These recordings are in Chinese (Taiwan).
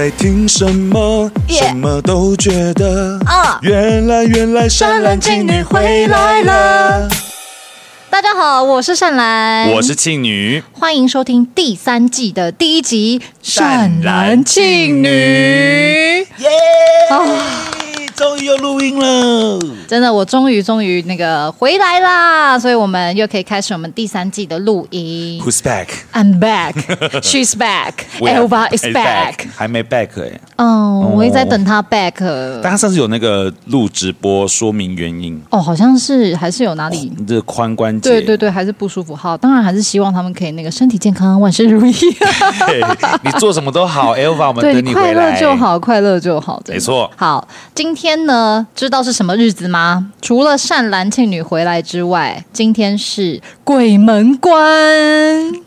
在聽什麼？Yeah. 什麼都覺得。Oh. 原來，原來善嵐慶女回來了。大家好，我是善嵐，我是慶女，歡迎收聽第三季的第一集《善嵐慶女》女。Yeah! Oh. 終於又錄音了，真的，我終於終於那個回來啦，所以我們又可以開始我們第三季的錄音。Who's back? I'm back. She's back. Elva is back. I'm back. 還沒 back 哎。嗯、oh, oh,，我也在等他 back。但他上次有那個錄直播，說明原因。哦、oh,，好像是還是有哪裡，oh, 你這髖關節，對對對，還是不舒服。好，當然還是希望他們可以那個身體健康，萬事如意。 hey, 你做什麼都好，Elva，我們等你回來。對，你快樂就好，快樂就好，沒錯。好，今天。今天呢，知道是什麼日子嗎？除了善嵐慶女回來之外，今天是鬼門關。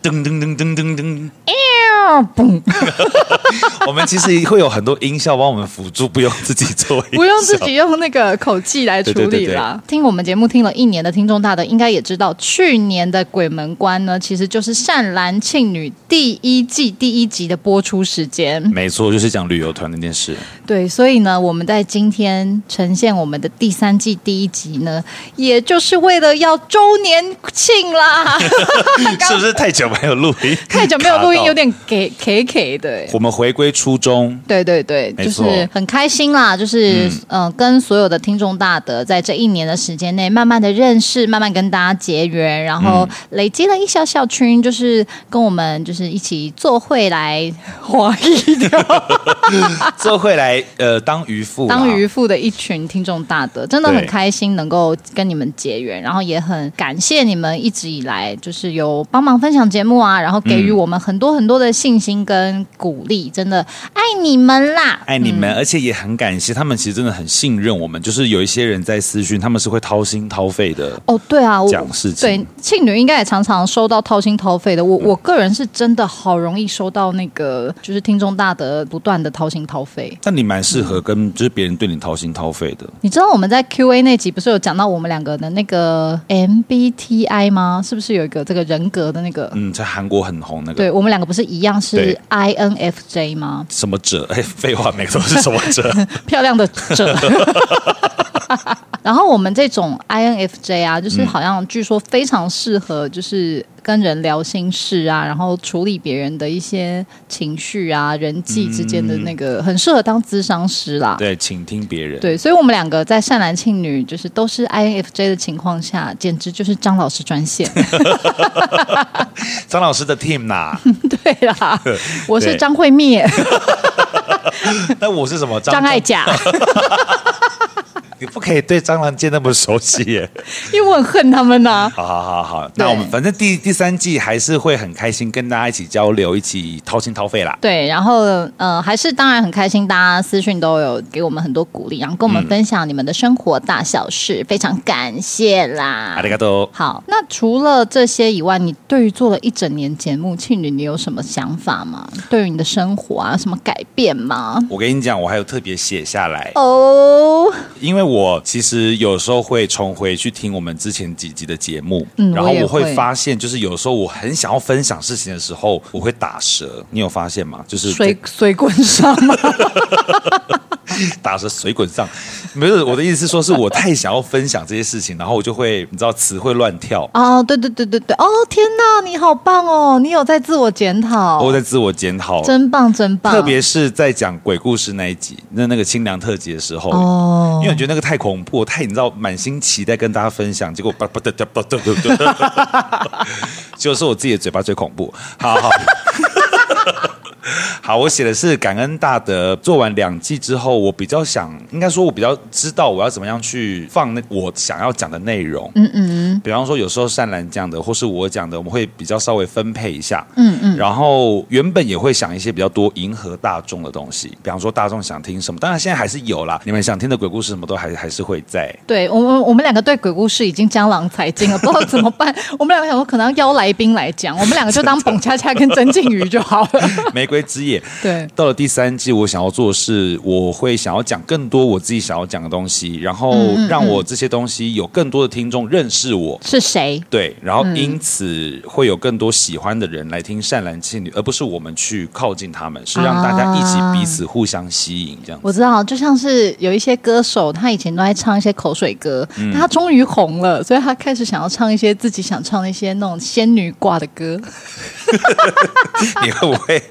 噔噔噔噔噔，噔、哎、 我們其實會有很多音效幫我們輔助，不用自己做，不用自己用那個口氣來處理了。聽我們節目聽了一年的聽眾大德應該也知道，去年的鬼門關呢，其實就是善嵐慶女第一季第一集的播出時間。沒錯，就是講旅游團那件事。對，所以呢，我們在今天呈現我們的第三季第一集呢，也就是為了要周年慶啦， 是不是太久沒有錄音？太久沒有錄音，有點給給給的。我們回歸初衷，對對對，沒錯，就是很開心啦，就是嗯、呃，跟所有的聽眾大德在這一年的時間內，慢慢的認識，慢慢跟大家結緣，然後累積了一小小群，就是跟我們就是一起做會來， 做會來。哎、呃，當漁夫、啊、當漁夫的一群聽眾大德，真的很開心能夠跟你們結緣，然後也很感謝你們一直以來就是有幫忙分享節目啊，然後給予我們很多很多的信心跟鼓勵，嗯、真的愛你們啦，愛你們，嗯、而且也很感謝他們，其實真的很信任我們，就是有一些人在私訊，他們是會掏心掏肺的。哦，對啊，我講事情，對，慶女應該也常常收到掏心掏肺的，我我個人是真的好容易收到那個，就是聽眾大德不斷的掏心掏肺，嗯、那你。蠻適合跟，嗯、就是別人對你掏心掏肺的。你知道我們在 Q&A 那集不是有講到我們兩個的那個 MBTI 嗎？是不是有一個這個人格的那個？嗯，在韓國很紅那個。對，我們兩個不是一樣是 INFJ 嗎？什麼者？哎、欸，廢話，每個都是什麼者？ 漂亮的者。 然後我們這種 INFJ 啊，就是好像據說非常適合，就是。跟人聊心事啊，然後處理別人的一些情緒啊，人際之間的那個，嗯嗯、很適合當諮商師啦。對，傾聽別人。對，所以我們兩個在善嵐慶女就是都是 INFJ 的情況下，簡直就是張老師專線。 張老師的 team 吶、啊， 對啦，我是張惠妹。 對 那我是什麼？張，張艾嘉。 你不可以對蟑螂界那麼熟悉耶， 因為我很恨他們吶、啊。好,好，好,好，好，好，那我們反正第第三季還是會很開心跟大家一起交流，一起掏心掏肺啦。對，然後呃，還是當然很開心，大家私訊都有給我們很多鼓勵，然後跟我們分享你們的生活大小事，嗯、非常感謝啦。ありがとう。好，那除了這些以外，你對於做了一整年節目《慶女》，你有什麼想法嗎？對於你的生活啊，什麼改變嗎？我跟你講，我還有特別寫下來哦、oh，因為我。我其實有時候會重回去聽我們之前幾集的節目，嗯，然後我會發現，就是有時候我很想要分享事情的時候，我會打蛇。你有發現嗎？就是隨隨棍上嗎？ 打着水滾上 沒有，不是，我的意思是說，是我太想要分享這些事情，然後我就會你知道詞會亂跳啊！Oh, 對對對對對！哦、oh, 天哪，你好棒哦！你有在自我檢討，我、oh, 在自我檢討，真棒真棒！特別是在講鬼故事那一集，那那個清涼特輯的時候哦，oh. 因為我覺得那個太恐怖，我太你知道滿心期待跟大家分享，結果吧吧 就是我自己的嘴巴最恐怖，好好，好。 好，我寫的是感恩大德。做完兩季之後，我比較想，應該說，我比較知道我要怎麼樣去放那我想要講的內容。嗯嗯嗯。比方說，有時候善嵐講的，或是我講的，我們會比較稍微分配一下。嗯嗯。然後原本也會想一些比較多迎合大眾的東西，比方說大眾想聽什麼，當然現在還是有啦。你們想聽的鬼故事，什麼都還還是會在。對，我我們兩個對鬼故事已經江郎才盡了，不知道怎麼辦。 我們兩個想說可能要邀來，來賓來講，我們兩個就當澎恰恰跟曾靜瑜就好了。 沒。回歸之夜，對，到了第三季，我想要做的是，我會想要講更多我自己想要講的東西，然後讓我這些東西有更多的聽眾認識我，是誰？對，然後因此會有更多喜歡的人來聽《善嵐慶女》。嗯，而不是我們去靠近他們，是讓大家一起彼此互相吸引。啊、這樣，我知道，就像是有一些歌手，他以前都在唱一些口水歌、嗯，但他終於紅了，所以他開始想要唱一些自己想唱的一些那種仙女掛的歌。 你會不會？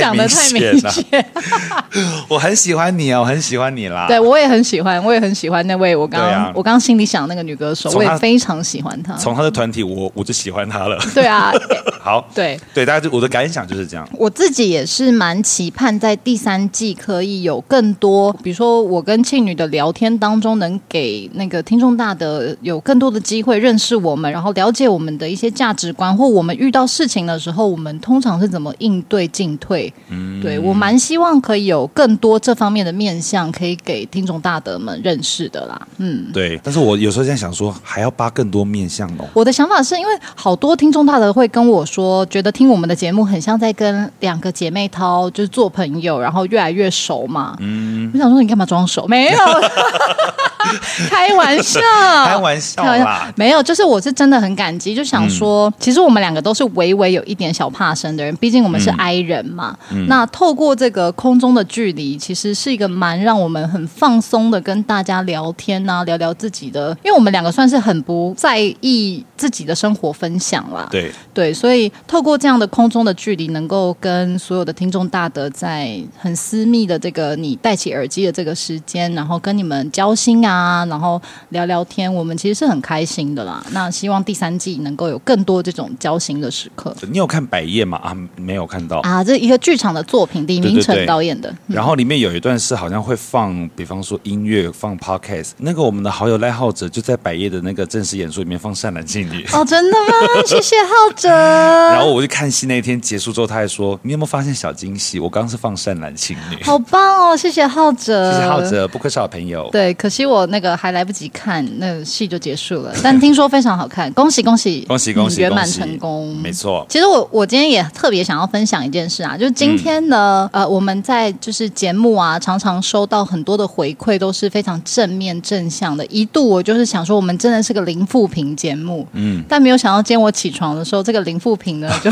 講得太明顯， 我很喜歡你啊，我很喜歡你啦。對，我也很喜歡，我也很喜歡那位我剛、啊、我剛心裡想的那個女歌手，我也非常喜歡她。從她的團體，我我就喜歡她了。 對啊、okay。好，對對，大家就我的感想，就是這樣。我自己也是蠻期盼在第三季可以有更多，比如說我跟慶女的聊天當中，能給那個聽眾大德有更多的機會認識我們，然後了解我們的一些價值觀，或我們遇到事情的時候，我們通常是怎麼應對進退。嗯，對，我蠻希望可以有更多這方面的面向，可以給聽眾大德們認識的啦。嗯，對。但是我有時候在想說，還要扒更多面向哦。我的想法是因為好多聽眾大德會跟我。說覺得聽我們的節目很像在跟兩個姐妹淘，就是做朋友，然後越來越熟嘛。嗯，我想說你幹嘛裝熟？沒有， 開玩笑，開玩笑開玩笑。沒有，就是我是真的很感激，就想說，嗯、其實我們兩個都是微微有一點小怕生的人，畢竟我們是 i 人嘛、嗯。那透過這個空中的距離，其實是一個蠻讓我們很放鬆的，跟大家聊天啊，聊聊自己的，因為我們兩個算是很不在意自己的生活分享啦。對對，所以。透過這樣的空中的距離，能夠跟所有的聽眾大德在很私密的這個你戴起耳機的這個時間，然後跟你們交心啊，然後聊聊天，我們其實是很開心的啦。那希望第三季能夠有更多這種交心的時刻。你有看百葉嗎？啊，沒有看到啊。這一個劇場的作品，李明成導演的。對對對，然後裡面有一段是好像會放，比方說音樂放 podcast，那個我們的好友賴浩哲就在百葉的那個正式演出裡面放《善男信女》。哦，真的嗎？ 謝謝浩哲。然後我去看戲那天結束之後，他還說：“你有沒有發現小驚喜？我剛，剛是放善男信女，好棒哦！謝謝浩哲，謝謝浩哲，不愧，是好朋友。對，可惜我那個還來不及看，那個，戲就結束了。但聽說非常好看， 恭喜恭喜，嗯、恭喜恭喜圓滿成功，沒錯。其實我我今天也特別想要分享一件事啊，就是今天呢，嗯，呃，我們在就是節目啊，常常收到很多的回饋，都是非常正面正向的。一度我就是想說，我們真的是個零負評節目，嗯，但沒有想到今天我起床的時候，這個零負。品呢就，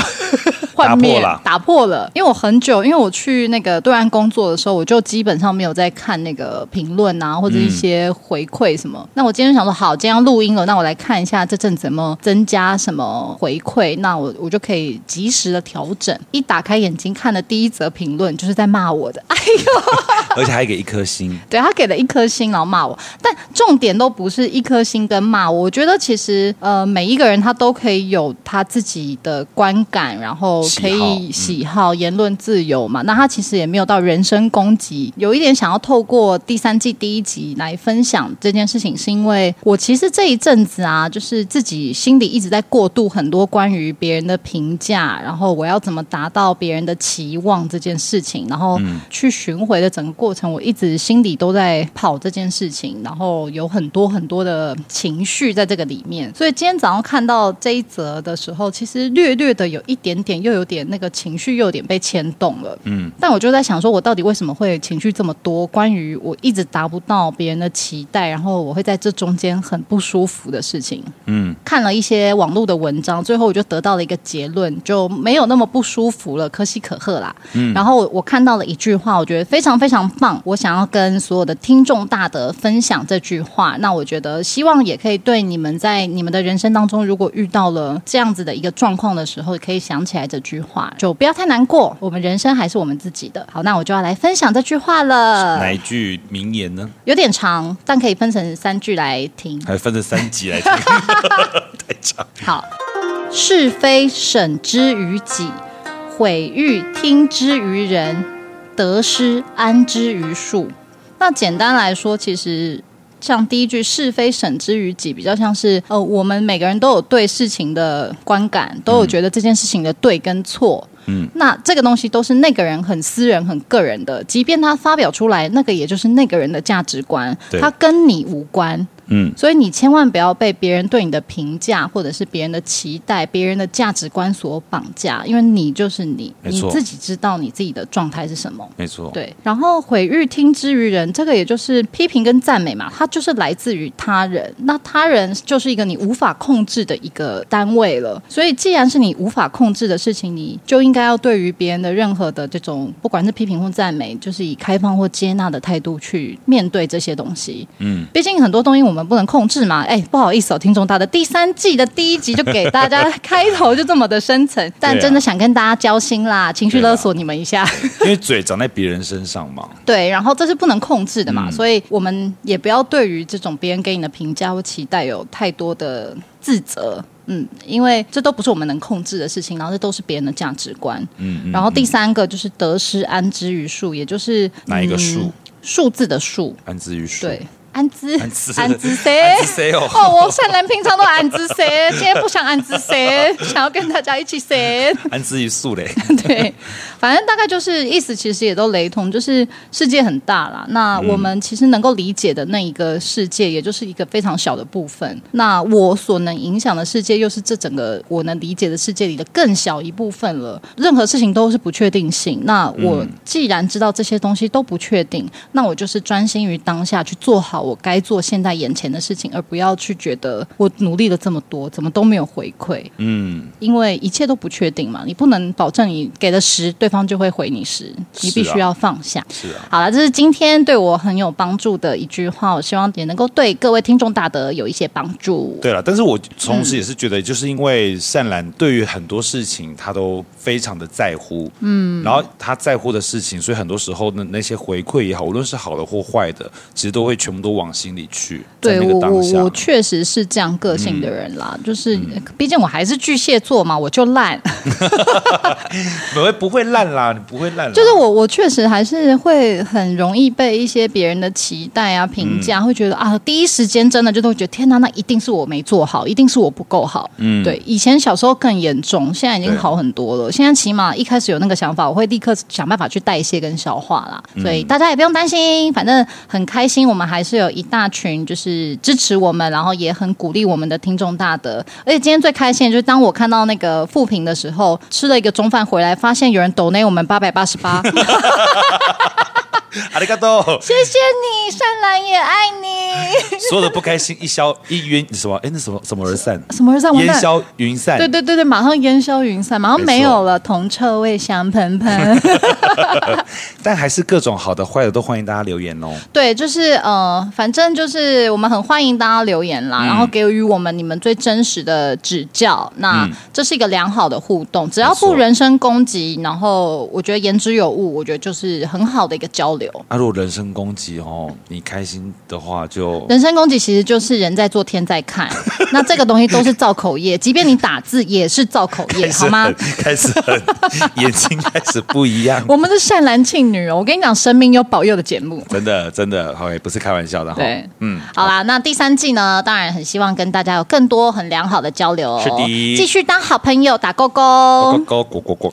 打破了，打破了。因為我很久，因為我去那個對岸工作的時候，我就基本上沒有在看那個評論啊，或者一些回饋什麼。嗯、那我今天想說，好，今天錄音了，那我來看一下這陣怎麼增加什麼回饋，那我我就可以及時的調整。一打開眼睛看的第一則評論，就是在罵我的，哎呦，而且還給一顆星， 對他給了一顆星，然後罵我，但重點都不是一顆星跟罵我。我覺得其實呃，每一個人他都可以有他自己的觀感，然後。可以喜好，嗯、言論自由嘛，那他其實也沒有到人身攻擊。有一點想要透過第三季第一集來分享這件事情，是因為我其實這一陣子啊，就是自己心裡一直在過渡很多關於別人的評價，然後我要怎麼達到別人的期望這件事情，然後去巡迴的整個過程，我一直心裡都在跑這件事情，然後有很多很多的情緒在這個裡面。所以今天早上看到這一則的時候，其實略略的有一點點又有，有點那個情緒，又有點被牽動了。嗯，但我就在想，說我到底為什麼會情緒這麼多？關於我一直達不到別人的期待，然後我會在這中間很不舒服的事情。嗯，看了一些網絡的文章，最後我就得到了一個結論，就沒有那麼不舒服了，可喜可賀啦。嗯，然後我,我看到了一句話，我覺得非常非常棒，我想要跟所有的聽眾大德分享這句話。那我覺得，希望也可以對你們在你們的人生當中，如果遇到了這樣子的一個狀況的時候，可以想起來這句。句話，就不要太難過，我們人生還是我們自己的。好，那我就要來分享這句話了。哪一句名言呢？有點長，但可以分成三句來聽。還分成三集來聽？ 太長。好，是非審之於己，毀譽聽之於人，得失安之於數。那簡單來說，其實。像第一句“是非省之於己”，比較像是呃，我們每個人都有對事情的觀感，都有覺得這件事情的對跟錯。嗯，那這個東西都是那個人很私人、很個人的，即便他發表出來，那個也就是那個人的價值觀，他跟你無關。嗯，所以你千萬不要被別人對你的評價，或者是別人的期待、別人的價值觀所綁架，因為你就是你，你自己知道你自己的狀態是什麼，沒錯。對，然後毀譽聽之於人，這個也就是批評跟讚美嘛，它就是來自於他人，那他人就是一個你無法控制的一個單位了。所以既然是你無法控制的事情，你就應該要對於別人的任何的這種，不管是批評或讚美，就是以開放或接納的態度去面對這些東西。嗯，畢竟很多東西我們。不能控制嘛？哎、欸，不好意思哦、喔，聽眾大德，第三季的第一集就給大家開頭就這麼的深沉， 但真的想跟大家交心啦，情緒勒索你們一下。啊、因為嘴長在別人身上嘛。對，然後這是不能控制的嘛，嗯、所以我們也不要對於這種別人給你的評價或期待有太多的自責。嗯，因為這都不是我們能控制的事情，然後這都是別人的價值觀。嗯，嗯，嗯，然後第三個就是得失安之於數，也就是哪一個數？數、嗯、字的數，安之於數。對。安知安知誰、哦？哦，我善嵐平常都安知現 今天不想安知，想要跟大家一起誰？安知一素嘞， 對，反正大概就是意思，其實也都雷同，就是世界很大啦，那我們其實能夠理解的那一個世界，也就是一個非常小的部分。嗯、那我所能影響的世界，又是這整個我能理解的世界裡的更小一部分了。任何事情都是不確定性。那我既然知道這些東西都不確定，那我就是專心於當下去做好。我該做現在眼前的事情，而不要去覺得我努力了這麼多，怎麼都沒有回饋。嗯，因為一切都不確定嘛，你不能保證你給了十，對方就會回你十，你必須要放下。是啊，是啊，好了，這、就是今天對我很有幫助的一句話，我希望也能夠對各位聽眾大德有一些幫助。對了，但是我同時也是覺得，就是因為善嵐對於很多事情他都非常的在乎，嗯，然後他在乎的事情，所以很多時候呢，那些回饋也好，無論是好的或壞的，其實都會全部都。不往心裡去。對我，我確實是這樣個性的人啦。嗯、就是，畢、嗯、竟我還是巨蟹座嘛，我就爛。 不會，不會爛啦，你不會爛。就是我，我確實還是會很容易被一些別人的期待啊、評價、嗯，會覺得啊，第一時間真的就都會覺得，天哪、啊，那一定是我沒做好，一定是我不夠好。嗯，對。以前小時候更嚴重，現在已經好很多了。現在起碼一開始有那個想法，我會立刻想辦法去代謝跟消化啦。所以大家也不用擔心、嗯，反正很開心，我們還是。有一大群就是支持我們，然後也很鼓勵我們的聽眾大德。而且今天最開心的就是當我看到那個複評的時候，吃了一個中飯回來，發現有人抖內我們八百八十八。 阿里嘎多！謝謝你，善嵐也愛你。所有的不開心一消一暈，什麼？哎、欸，那什麼什麼而散？什麼而散？煙消雲散。對對對對，馬上煙消雲散，馬上沒有了，銅臭味香噴噴。 但還是各種好的壞的都歡迎大家留言哦。對，就是呃，反正就是我們很歡迎大家留言啦、嗯，然後給予我們你們最真實的指教。那這是一個良好的互動，嗯、只要不人身攻擊，然後我覺得言之有物，我覺得就是很好的一個交流。啊！如果人身攻擊哦，你開心的話就……人身攻擊其實就是人在做，天在看。 那這個東西都是造口業，即便你打字也是造口業， 好嗎？開始很， 眼睛開始不一樣。 我們是善嵐慶女哦，我跟你講，神明有保佑的節目，真的真的，好也不是開玩笑的。好對，嗯，好啦，那第三季呢，當然很希望跟大家有更多很良好的交流，哦，是第一，繼續當好朋友，打勾勾，勾勾，勾勾勾，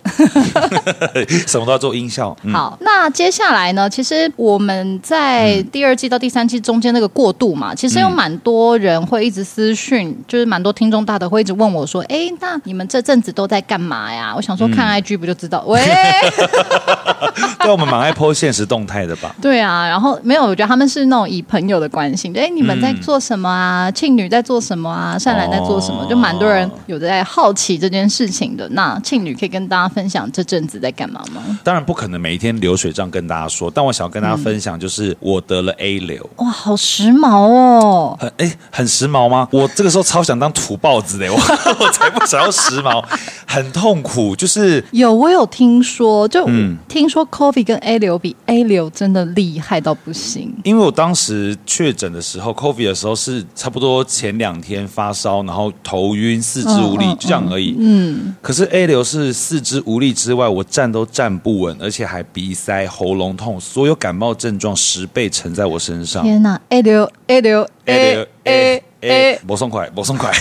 什麼都要做音效、 嗯。好，那接下來呢？其實我們在第二季到第三季中間那個過渡嘛，其實有蠻多人會一直私訊，嗯、就是蠻多聽眾大德會一直問我說：“哎，那你們這陣子都在幹嘛呀？”我想說，看 IG 不就知道。嗯、喂， 對，我們蠻愛 po 現實動態的吧？對啊，然後沒有，我覺得他們是那種以朋友的關係，哎，你們在做什麼啊、嗯？慶女在做什麼啊？善嵐在做什麼？就蠻多人有的在好奇這件事情的。那慶女可以跟大家分享這陣子在幹嘛嗎？當然不可能每一天流水賬跟大家說，但。我想跟大家分享，就是我得了 A 流、嗯、哇，好時髦哦！很哎、欸，很時髦嗎？我這個時候超想當土包子的、欸、我, 我才不想要時髦，很痛苦。就是有我有聽說，就、嗯、聽說 COVID 跟 A 流比 A 流真的厲害到不行。因為我當時確診的時候，COVID 的時候是差不多前兩天發燒，然後頭暈、四肢無力、嗯，就這樣而已。嗯，可是 A 流是四肢無力之外，我站都站不穩，而且還鼻塞、喉嚨痛。所有感冒症狀十倍乘在我身上。天哪！哎呦哎呦哎哎、欸，摩松快，摩松快，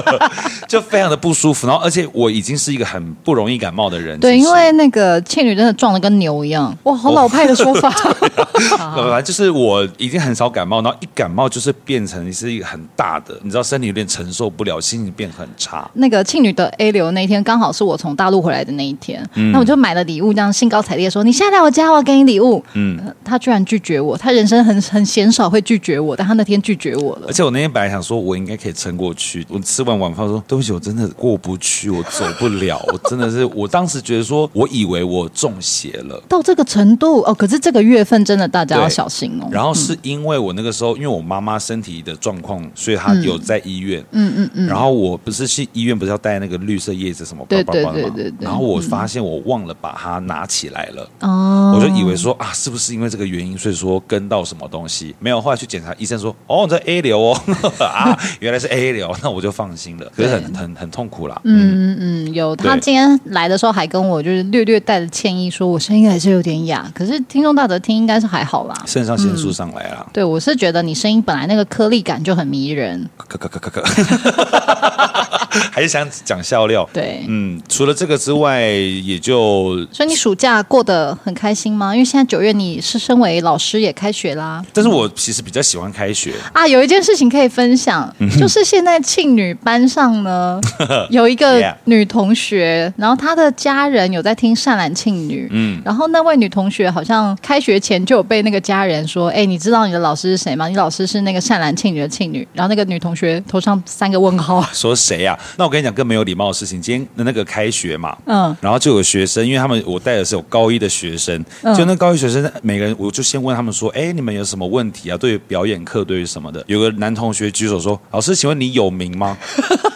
就非常的不舒服。然後，而且我已經是一個很不容易感冒的人。對，就是、因為那個慶女真的壯得跟牛一樣，哇，好老派的說法。本、哦、來、 啊、就是我已經很少感冒，然後一感冒就是變成是一個很大的，你知道身體有點承受不了，心情變很差。那個慶女的 A 流那一天，剛好是我從大陸回來的那一天，嗯、那我就買了禮物，這樣興高采烈說：“嗯、你下來我家，我給你禮物。”嗯，她、呃、居然拒絕我，她人生很很鮮少會拒絕我，但她那天拒絕我了。而且我那天白還想說，我應該可以撐過去。我吃完晚飯說：“對不起，我真的過不去，我走不了。”我真的是，我當時覺得說，我以為我中邪了，到這個程度哦。可是這個月份真的大家要小心哦。然後是因為我那個時候，因為我媽媽身體的狀況，所以她有在醫院。嗯嗯嗯。然後我不是去醫院，不是要帶那個綠色葉子什麼？對對對對對。然後我發現我忘了把它拿起來了。哦。我就以為說啊，是不是因為這個原因，所以說跟到什麼東西？沒有，後來去檢查，醫生說：“哦，你在 A 流哦。” 啊，原來是 A 流，那我就放心了。可是很很很痛苦啦。嗯嗯嗯，有他今天來的時候還跟我就是略略帶着歉意，說我聲音還是有點啞。可是聽眾大德聽應該是還好啦，腎上腺素上來了、嗯。對，我是覺得你聲音本來那個顆粒感就很迷人。咳咳咳咳咳。 還是想講笑料，對，嗯，除了這個之外，也就所以你暑假過得很開心嗎？因為現在九月你是身為老師也開學啦，嗯、但是我其實比較喜歡開學啊。有一件事情可以分享，就是現在慶女班上呢、嗯、有一個女同學， 然後她的家人有在聽善嵐慶女，嗯，然後那位女同學好像開學前就有被那個家人說，哎，你知道你的老師是誰嗎？你老師是那個善嵐慶女的慶女，然後那個女同學頭上三個問號，說誰呀、啊？那我跟你講更沒有禮貌的事情，今天的那個開學嘛，嗯，然後就有學生，因為他們我帶的是有高一的學生，就、嗯、那個高一學生每個人，我就先問他們說，哎，你們有什麼問題啊？對於表演課，對於什麼的？有個男同學舉手說，老師，請問你有名嗎？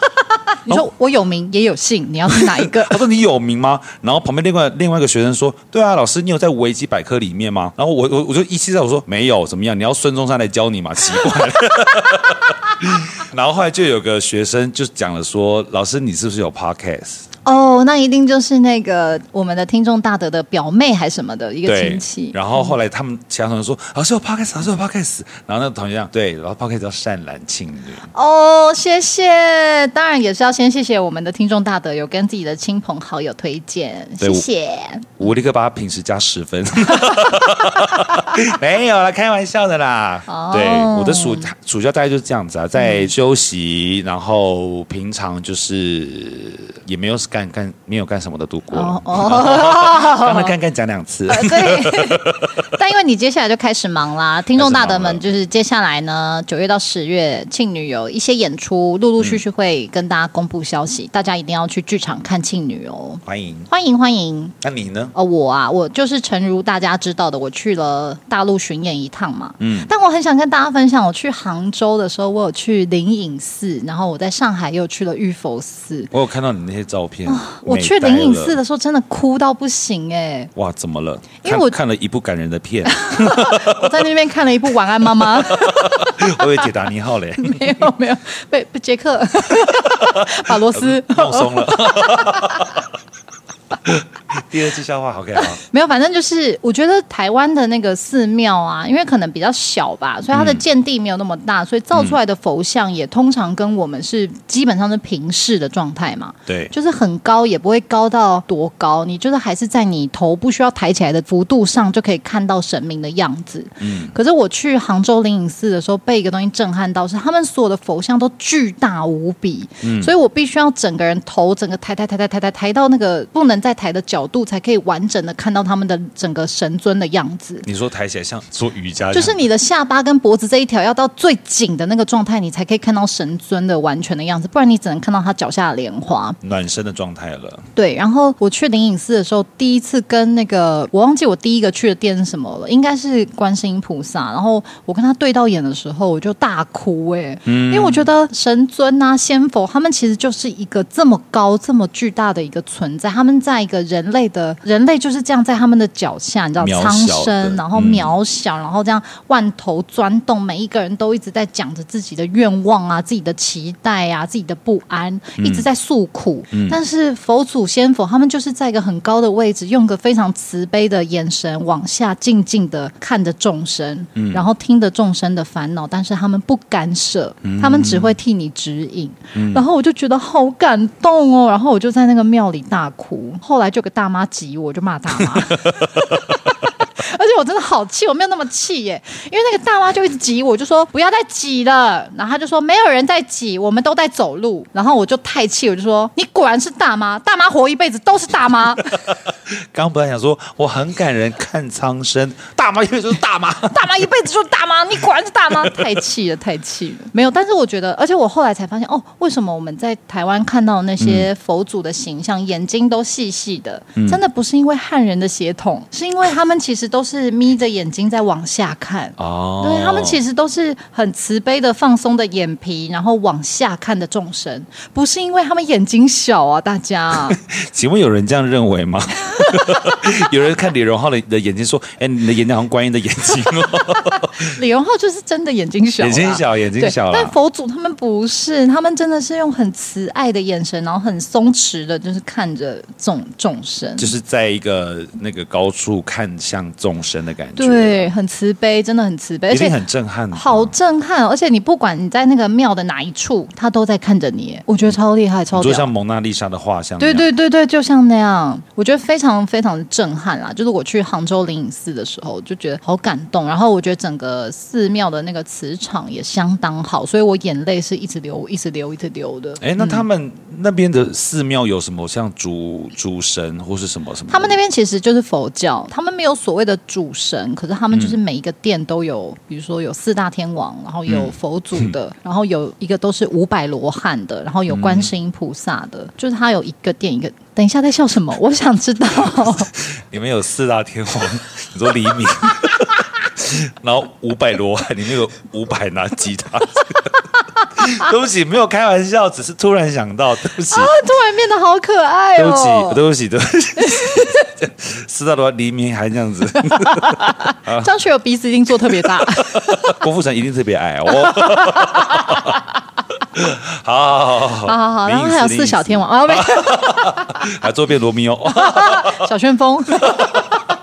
我說我有名也有姓，你要哪一個？他 說，你有名嗎？然後旁邊另外另外一個學生說，對啊，老師你有在維基百科裡面嗎？然後我我我就一氣之下，我說沒有怎麼樣，你要孫中山來教你嘛？奇怪。 然後後來就有個學生就講了說，老師你是不是有 podcast？哦、oh，那一定就是那個我們的聽眾大德的表妹還是什麼的一個親戚。然後後來他們其他同學說：“老、嗯、師、啊、我 podcast，老師有 podcast。嗯”然後那個同學這樣對，然後 podcast 叫善嵐慶女哦，謝謝！當然也是要先謝謝我們的聽眾大德，有跟自己的親朋好友推薦，謝謝我。我立刻把他平時加十分。 沒有了，開玩笑的啦。Oh. 對，我的暑暑假大概就是這樣子啊，在休息，嗯、然後平常就是也沒有。什麼。幹幹沒有幹什麼的度過 剛剛幹幹， 剛才幹幹，講兩次，哦哦哦哦哦， 對。但因為你接下來就開始忙啦，啊，聽眾大德們就是接下來呢，九月到十月慶女有一些演出，陸陸續續會跟大家公布消息，嗯，大家一定要去劇場看慶女哦。歡迎歡迎歡迎。那、啊，你呢？啊，我啊，我就是誠如大家知道的，我去了大陸巡演一趟嘛。嗯。但我很想跟大家分享，我去杭州的時候，我有去靈隱寺，然後我在上海又去了玉佛寺。我有看到你那些照片。哦、我去靈隱寺的時候，真的哭到不行哎！哇，怎麼了？因為我看，看了一部感人的片， 我在那邊看了一部《晚安媽媽》 我以為鐵達尼號嘞，沒有沒有，不，不，傑克，把螺絲放鬆了。 第二次消化 OK 嗎？ 沒有，反正就是我覺得台灣的那個寺廟啊，因為可能比較小吧，所以它的建地沒有那麼大，嗯，所以造出來的佛像也通常跟我們是基本上是平視的狀態嘛。對，嗯，就是很高也不會高到多高，你就是還是在你頭不需要抬起來的幅度上就可以看到神明的樣子。嗯，可是我去杭州靈隱寺的時候，被一個東西震撼到，是他們所有的佛像都巨大無比。嗯，所以我必須要整個人頭整個抬抬抬抬抬抬抬，抬到那個不能再抬的角度。才可以完整的看到他們的整個神尊的樣子。你說抬起來像做瑜伽，就是你的下巴跟脖子這一條要到最緊的那個狀態，你才可以看到神尊的完全的樣子，不然你只能看到他腳下的蓮花。暖身的狀態了。對，然後我去靈隱寺的時候，第一次跟那個我忘記我第一個去的殿是什麼了，應該是觀世音菩薩。然後我跟他對到眼的時候，我就大哭哎、欸，因為我覺得神尊啊、仙佛他們其實就是一個這麼高、這麼巨大的一個存在，他們在一個人類。的人類就是這樣，在他們的腳下，你知道，蒼生，然後渺小、嗯，然後這樣萬頭鑽動、嗯，每一個人都一直在講着自己的願望啊，自己的期待啊，自己的不安，嗯、一直在訴苦、嗯。但是佛祖、仙佛，他們就是在一個很高的位置，用個非常慈悲的眼神往下靜靜的看着眾生、嗯，然後聽着眾生的煩惱，但是他們不干涉，嗯、他們只會替你指引、嗯。然後我就覺得好感動哦，然後我就在那個廟裡大哭。後來就有個大媽。他急，我就罵他嘛。我真的好氣，我沒有那麼氣耶，因為那個大媽就一直擠我，我就說不要再擠了。然後他就說沒有人在擠，我們都在走路。然後我就太氣，我就說你果然是大媽，大媽活一輩子都是大媽。剛 剛本來想說我很感人，看蒼生， 大媽一輩子就是大媽，大媽一輩子就是大媽，你果然是大媽，太氣了，太氣了。沒有，但是我覺得，而且我後來才發現，哦，為什麼我們在台灣看到那些佛祖的形象，嗯、眼睛都細細的、嗯，真的不是因為漢人的血統，是因為他們其實都是。眯着眼睛在往下看哦，oh. 對他們其實都是很慈悲的、放鬆的眼皮，然後往下看的眾生，不是因為他們眼睛小啊，大家？ 請問有人這樣認為嗎？ 有人看李榮浩的眼睛說：“哎、欸，你的眼睛好像觀音的眼睛。 ”李榮浩就是真的眼睛小、啊，眼睛小，眼睛小。但佛祖他們不是，他們真的是用很慈愛的眼神，然後很鬆弛的，就是看着眾眾生，就是在一個那個高處看向眾生。的感覺對，很慈悲，真的很慈悲，而且很震撼、啊，好震撼！而且你不管你在那個廟的哪一處，他都在看着你，我覺得超厲害，嗯、超厲害，就像蒙娜麗莎的畫像，對，對對對對，就像那樣，我覺得非常非常震撼啦！就是我去杭州靈隱寺的時候，就覺得好感動，然後我覺得整個寺廟的那個磁場也相當好，所以我眼淚是一直流，一直流，一直流的。哎，那他們那邊的寺廟有什麼像主主神或是什麼什麼？他們那邊其實就是佛教，他們沒有所謂的主。神，可是他們就是每一個殿都有、嗯，比如說有四大天王，然後有佛祖的，嗯嗯、然後有一個都是五百羅漢的，然後有觀世音菩薩的、嗯，就是他有一個殿一個。等一下，在笑什麼？我想知道。 你們有四大天王，你說黎明， 然後五百羅漢，你那個五百拿吉他。 對不起，沒有開玩笑，只是突然想到，對不起啊，突然變得好可愛哦，對不起，對不起，對不起，四大天王黎明還這樣子，張 學友鼻子一定做特別大， 郭富城一定特別矮哦， 好好好好好好，好，好然後還有四小天王啊，還做遍《 邊羅密歐、哦， 小旋風。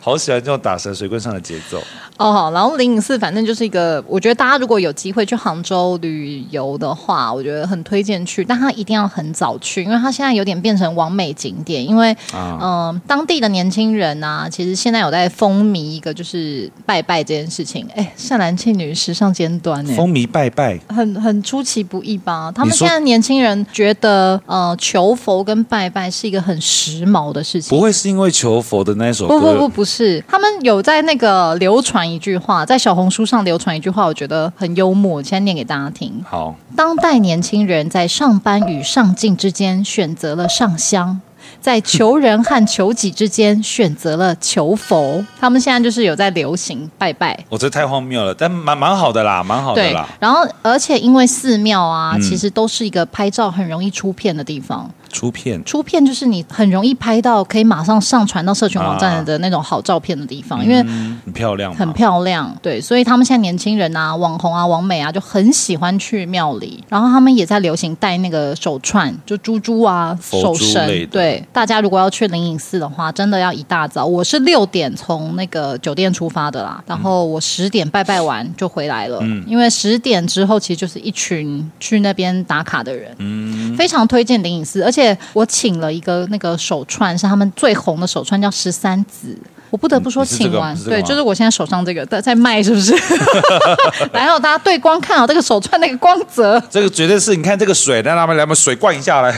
好喜歡這種打蛇隨棍上的節奏哦，oh, 好，然後靈隱寺反正就是一個，我覺得大家如果有機會去杭州旅遊的話，我覺得很推薦去，但它一定要很早去，因為它現在有點變成網美景點，因為嗯、啊呃，當地的年輕人啊，其實現在有在風靡一個就是拜拜這件事情，哎，善嵐慶女時尚尖端，哎，風靡拜拜，很很出其不意吧？他們現在年輕人覺得呃，求佛跟拜拜是一個很時髦的事情，不會是因為求佛的那首歌。不不是，他們有在那個流傳一句話，在小紅書上流傳一句話，我覺得很幽默。我現在念給大家聽。好，當代年輕人在上班與上進之間選擇了上香，在求人和求己之間選擇了求佛。 他們現在就是有在流行拜拜。我覺得太荒謬了，但蠻蠻好的啦，蠻好的啦，對。然後，而且因為寺廟啊、嗯，其實都是一個拍照很容易出片的地方。出片出片，就是你很容易拍到可以馬上上傳到社群網站的那種好照片的地方，啊嗯、因為很漂亮，很漂亮，對。所以他們現在年輕人啊、網紅啊、網美啊，就很喜歡去廟裡。然後他們也在流行戴那個手串，就珠珠啊、珠手繩。對，大家如果要去靈隱寺的話，真的要一大早。我是六點從那個酒店出發的啦，然後我十點拜拜完就回來了，嗯、因為十點之後其實就是一群去那邊打卡的人。嗯，非常推薦靈隱寺，而且。而且我請了一個那個手串，是他們最紅的手串，叫十三籽。我不得不說，請完、這個、對，就是我現在手上這個在在賣是不是？ 然後大家對光看好這個手串那個光澤，這個絕對是你看這個水，讓他們來把水灌一下來。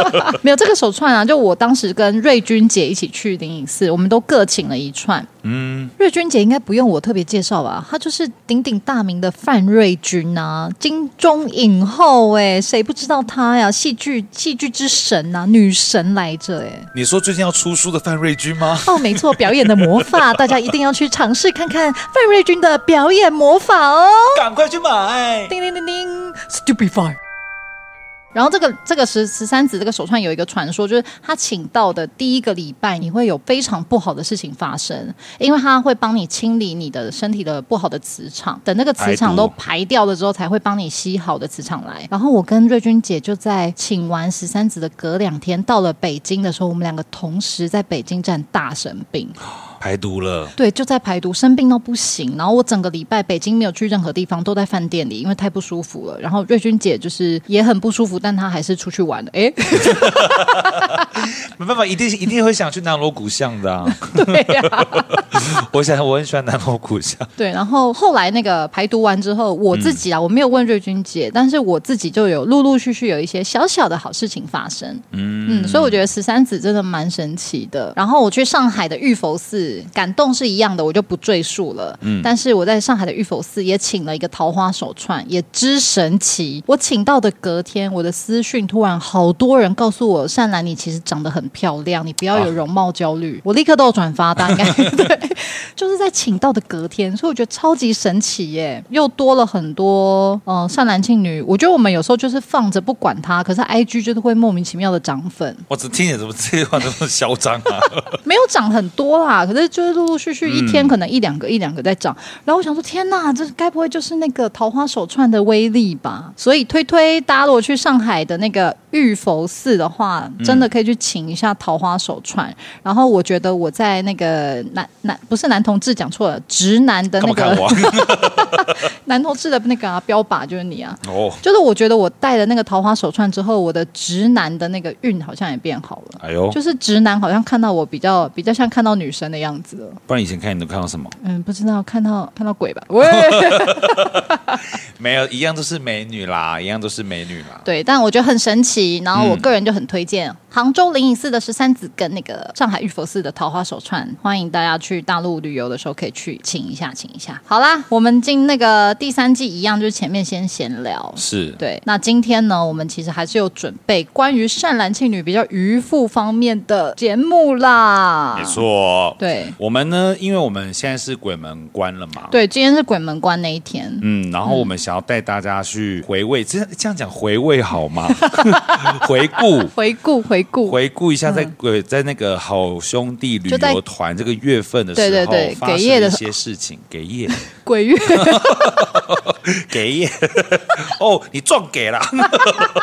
沒有這個手串啊，就我當時跟瑞君姐一起去靈隱寺，我們都各請了一串。嗯，瑞君姐應該不用我特別介紹吧？她就是鼎鼎大名的范瑞君啊，金鐘影后哎、欸，誰不知道她呀？戲劇戲劇。之神吶、啊，女神來着哎、欸！你說最近要出書的范瑞君嗎？哦，沒錯，表演的魔法， 大家一定要去嘗試看看范瑞君的表演魔法哦，趕快去買！叮叮叮叮，Stupefy 然後這個這個十十三子這個手串有一個傳說，就是他請到的第一個禮拜，你會有非常不好的事情發生，因為他會幫你清理你的身體的不好的磁場，等那個磁場都排掉了之後，才會幫你吸好的磁場來。然後我跟瑞君姐就在請完十三子的隔兩天到了北京的時候，我們兩個同時在北京站大生病。排毒了，對，就在排毒，生病到不行。然後我整個禮拜北京沒有去任何地方，都在飯店裡，因為太不舒服了。然後瑞君姐就是也很不舒服，但她還是出去玩了。哎， 沒辦法，一定一定會想去南鑼鼓巷的、啊。 對呀、啊， 我想我很喜歡南鑼鼓巷。對，然後後來那個排毒完之後，我自己啊、嗯，我沒有問瑞君姐，但是我自己就有陸陸續續有一些小小的好事情發生。嗯嗯，嗯所以我覺得十三籽真的蠻神奇的。然後我去上海的玉佛寺。感動是一樣的，我就不贅述了。嗯，但是我在上海的玉佛寺也請了一個桃花手串，也之神奇。我請到的隔天，我的私訊突然好多人告訴我，善嵐你其實長得很漂亮，你不要有容貌焦慮。啊、我立刻都有轉發，大概對， 就是在請到的隔天，所以我覺得超級神奇耶，又多了很多嗯、呃、善嵐慶女。我覺得我們有時候就是放着不管他，可是 I G 就是會莫名其妙的漲粉。我只聽見怎麼這句話這麼囂張啊？ 沒有漲很多啦，可是。就是陸陸續續一天可能一兩個一兩個在漲、嗯，然後我想說天哪，這該不會就是那個桃花手串的威力吧？所以推推，大家如果去上海的那個玉佛寺的話，嗯、真的可以去請一下桃花手串。然後我覺得我在那個男男不是男同志講錯了，直男的那個、啊、 男同志的那個、啊、標靶就是你啊！哦，就是我覺得我戴了那個桃花手串之後，我的直男的那個運好像也變好了。哎呦，就是直男好像看到我比較比較像看到女神的樣子。樣子，不然以前看你都看到什麼？嗯，不知道，看到看到鬼吧？喂， 沒有，一樣都是美女啦，一樣都是美女啦。對，但我覺得很神奇。然後我個人就很推薦杭州靈隱寺的十三籽跟那個上海玉佛寺的桃花手串，歡迎大家去大陸旅遊的時候可以去請一下，請一下。好啦，我們進那個第三季一樣，就是前面先閒聊，是，對。那今天呢，我們其實還是有準備關於善男信女比較愚婦方面的節目啦，沒錯，對。我們呢，因為我們現在是鬼門關了嘛。對，今天是鬼門關那一天。嗯，然後我們想要帶大家去回味，這、嗯、這樣講回味好嗎？ 回顧，回顧，回顧，回顧一下在、在、嗯、在那個好兄弟旅遊團這個月份的時候，對對對，發生的一些事情，給夜。給鬼月 給哦， oh, 你撞給了，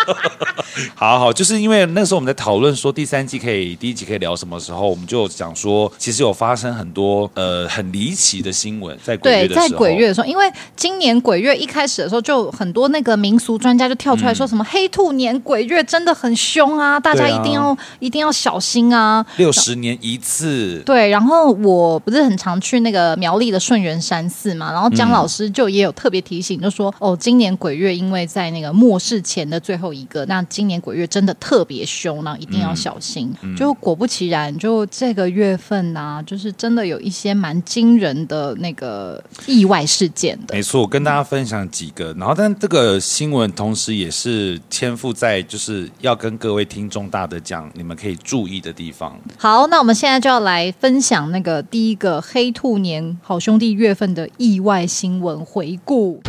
好好，就是因為那時候我們在討論說第三季可以第一集可以聊什麼時候，我們就講說其實有發生很多呃很離奇的新聞在，對，在鬼月的時候，因為今年鬼月一開始的時候就很多那個民俗專家就跳出來說什麼黑兔年鬼月真的很兇啊、嗯，大家一定要、啊、一定要小心啊，六十年一次，對，然後我不是很常去那個苗栗的順源山寺嘛。然後姜老師就也有特別提醒，就說、嗯、哦，今年鬼月因為在那個末世前的最後一個，那今年鬼月真的特別凶，然後一定要小心。嗯、就果不其然，就這個月份吶、啊，就是真的有一些蠻驚人的那個意外事件的。沒錯，我跟大家分享幾個。然後，但這個新聞同時也是肩負在就是要跟各位聽眾大德講，你們可以注意的地方。好，那我們現在就要來分享那個第一個黑兔年好兄弟月份的意外。外新聞回顧：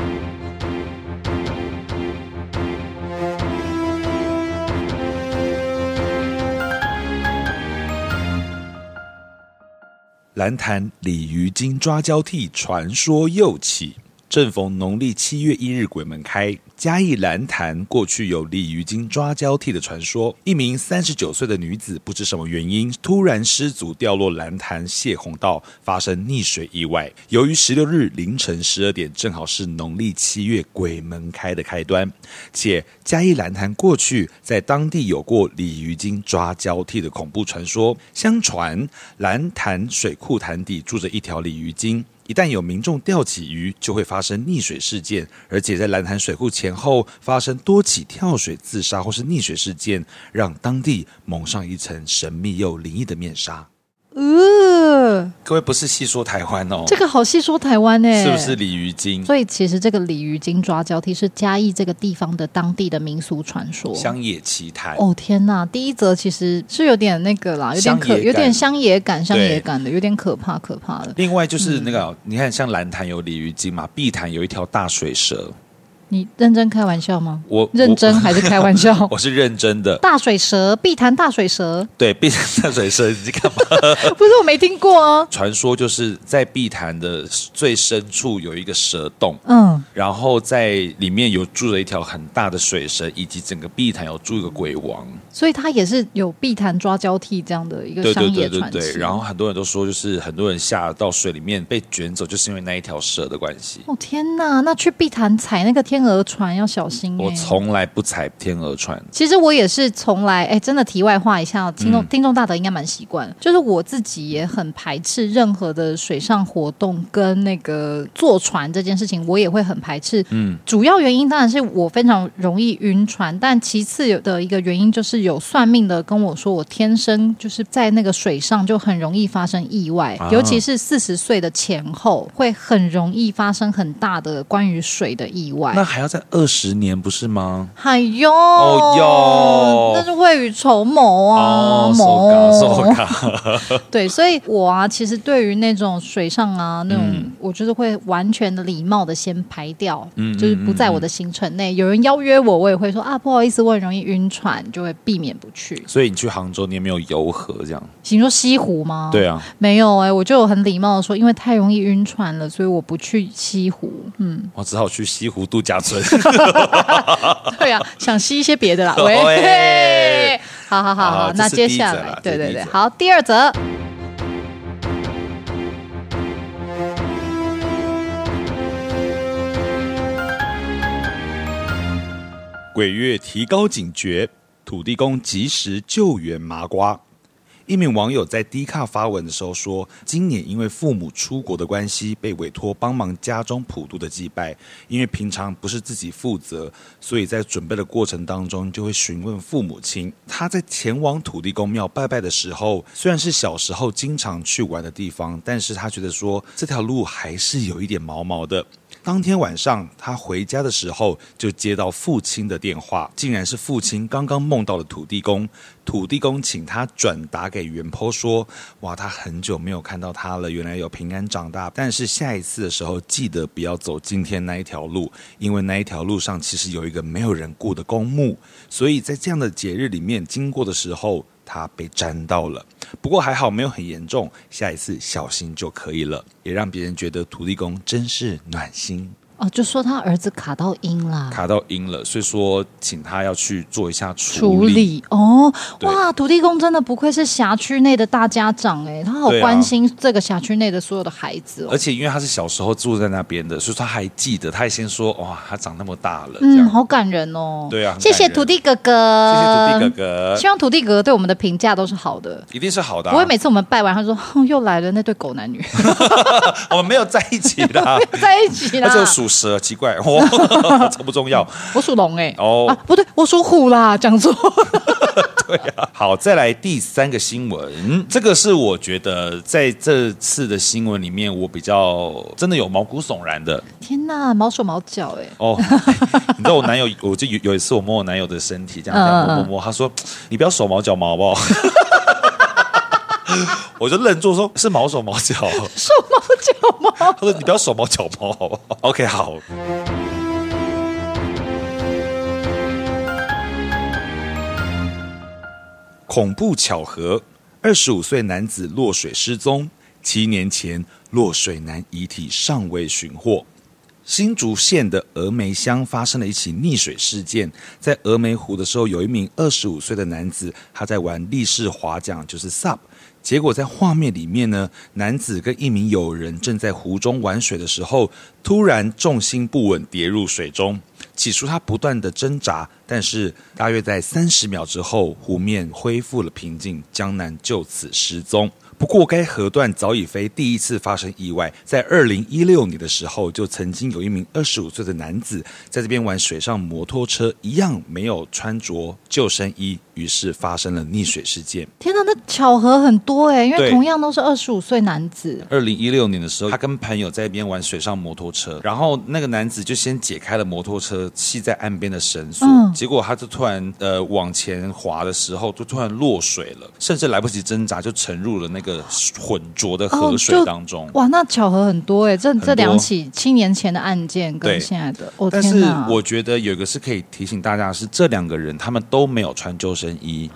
藍潭鯉魚精抓交替傳說又起。正逢農曆七月一日鬼門開，嘉義蘭潭過去有鯉魚精抓交替的傳說。一名三十九歲的女子不知什麼原因突然失足掉落蘭潭洩洪道，發生溺水意外。由於十六日凌晨十二點正好是農曆七月鬼門開的開端，且嘉義蘭潭過去在當地有過鯉魚精抓交替的恐怖傳說。相傳蘭潭水庫潭底住着一條鯉魚精。一旦有民眾釣起魚，就會發生溺水事件，而且在藍潭水庫前後發生多起跳水自殺或是溺水事件，讓當地蒙上一層神秘又靈異的面紗。呃，各位不是戲說台灣哦，這個好戲說台灣哎，是不是鯉魚精？所以其實這個鯉魚精抓交替是嘉義這個地方的當地的民俗傳說、鄉野奇談。哦天哪，第一則其實是有點那個啦，有點可有點鄉野感，鄉野、野感的，有點可怕可怕的。另外就是那個、嗯，你看像蘭潭有鯉魚精嘛，碧潭有一條大水蛇。你認真開玩笑嗎？我，我認真還是開玩笑？我是認真的。大水蛇，碧潭大水蛇，對，碧潭大水蛇，你在幹嘛？ 不是我沒聽過啊。傳說就是在碧潭的最深處有一個蛇洞，嗯，然後在裡面有住着一條很大的水蛇，以及整個碧潭有住一個鬼王，所以他也是有碧潭抓交替這樣的一個商業傳奇，對對對對對對。然後很多人都說，就是很多人下到水裡面被捲走，就是因為那一條蛇的關係。哦天哪，那去碧潭踩那個天。天鵝船要小心、欸，我從來不踩天鵝船。其實我也是從來，哎、欸，真的題外話一下，聽眾、嗯、聽眾大德應該蠻習慣，就是我自己也很排斥任何的水上活動跟那個坐船這件事情，我也會很排斥。嗯，主要原因當然是我非常容易暈船，但其次有的一個原因就是有算命的跟我說，我天生就是在那個水上就很容易發生意外，啊、尤其是四十歲的前後會很容易發生很大的關於水的意外。還要再二十年，不是嗎？哎呦，哦呦，但是未雨綢繆啊，綢繆。對，所以我啊，其實對於那種水上啊，那種，嗯、我就是會完全的禮貌的先排掉，嗯，就是不在我的行程內。嗯、有人邀約我，我也會說啊，不好意思，我很容易暈船，就會避免不去。所以你去杭州，你也沒有遊河這樣。行，你說西湖嗎？對啊，沒有哎、欸，我就很禮貌的說，因為太容易暈船了，所以我不去西湖。嗯，我只好去西湖度假。 對啊，想吸一些別的啦，oh, 喂。喂，好好好，好，好，那接下來，對對對，好，第二則 。鬼月提高警覺，土地公及時救援麻瓜。一名網友在 Dcard 發文的時候說：“今年因為父母出國的關係，被委託幫忙家中普渡的祭拜。因為平常不是自己負責，所以在準備的過程當中就會詢問父母親。他在前往土地公廟拜拜的時候，雖然是小時候經常去玩的地方，但是他覺得說這條路還是有一點毛毛的。”當天晚上，他回家的時候就接到父親的電話，竟然是父親剛剛夢到了土地公。土地公請他轉達給袁坡說：“哇，他很久沒有看到他了，原來有平安長大。但是下一次的時候，記得不要走今天那一條路，因為那一條路上其實有一個沒有人顧的公墓，所以在這樣的節日裡面經過的時候。”他被粘到了，不過還好沒有很嚴重，下一次小心就可以了，也讓別人覺得土地公真是暖心。哦，就說他兒子卡到陰啦。卡到陰了，所以說請他要去做一下處理，處理哦。哇，土地公真的不愧是轄區內的大家長哎，他好關心這個轄區內的所有的孩子，哦啊，而且因為他是小時候住在那邊的，所以他還記得，他還先說哇，他長那麼大了，嗯，好感人哦。對啊，謝謝土地哥哥，謝謝土地哥哥，希望土地哥哥對我們的評價都是好的，一定是好的啊，不會每次我們拜完他說哼，又來了那對狗男女， 我們沒有在一起啦 沒有在一起啦就屬。 是奇怪，這、哦、不重要。我屬龍哎，哦、啊，不對，我屬虎啦，講錯。 對呀、啊，好，再來第三個新聞、嗯，這個是我覺得在這次的新聞裡面，我比較真的有毛骨悚然的。天哪，毛手毛腳哎、欸！哦，你知道我男友，我就有一次我摸我男友的身體，這樣摸摸摸，嗯嗯，他說，你不要手毛腳毛，好不好？ 我就愣住，說：“是毛手毛腳毛，手毛腳毛。”他說：“你不要手毛腳毛，好不好？”OK，好。恐怖巧合，二十五歲男子落水失蹤，七年前落水男遺體尚未尋獲。新竹縣的峨眉鄉發生了一起溺水事件，在峨眉湖的時候，有一名二十五歲的男子，他在玩立式划槳，就是 s 結果在畫面裡面呢，男子跟一名友人正在湖中玩水的時候，突然重心不穩跌入水中。起初他不斷的掙扎，但是大約在三十秒之後，湖面恢復了平靜，江南就此失蹤。不過該河段早已非第一次發生意外，在二零一六年的時候，就曾經有一名二十五歲的男子在這邊玩水上摩托車，一樣沒有穿着救生衣。於是發生了溺水事件。天哪，那巧合很多哎，因為同樣都是二十五歲男子。二零一六年的時候，他跟朋友在一邊玩水上摩托車，然後那個男子就先解開了摩托車繫在岸邊的繩索，嗯、結果他就突然呃往前滑的時候，就突然落水了，甚至來不及掙扎就沉入了那個渾濁的河水當中、哦。哇，那巧合很多哎，這這兩起七年前的案件跟現在的，哦、但是我覺得有一個是可以提醒大家的是這兩個人，他們都沒有穿救生。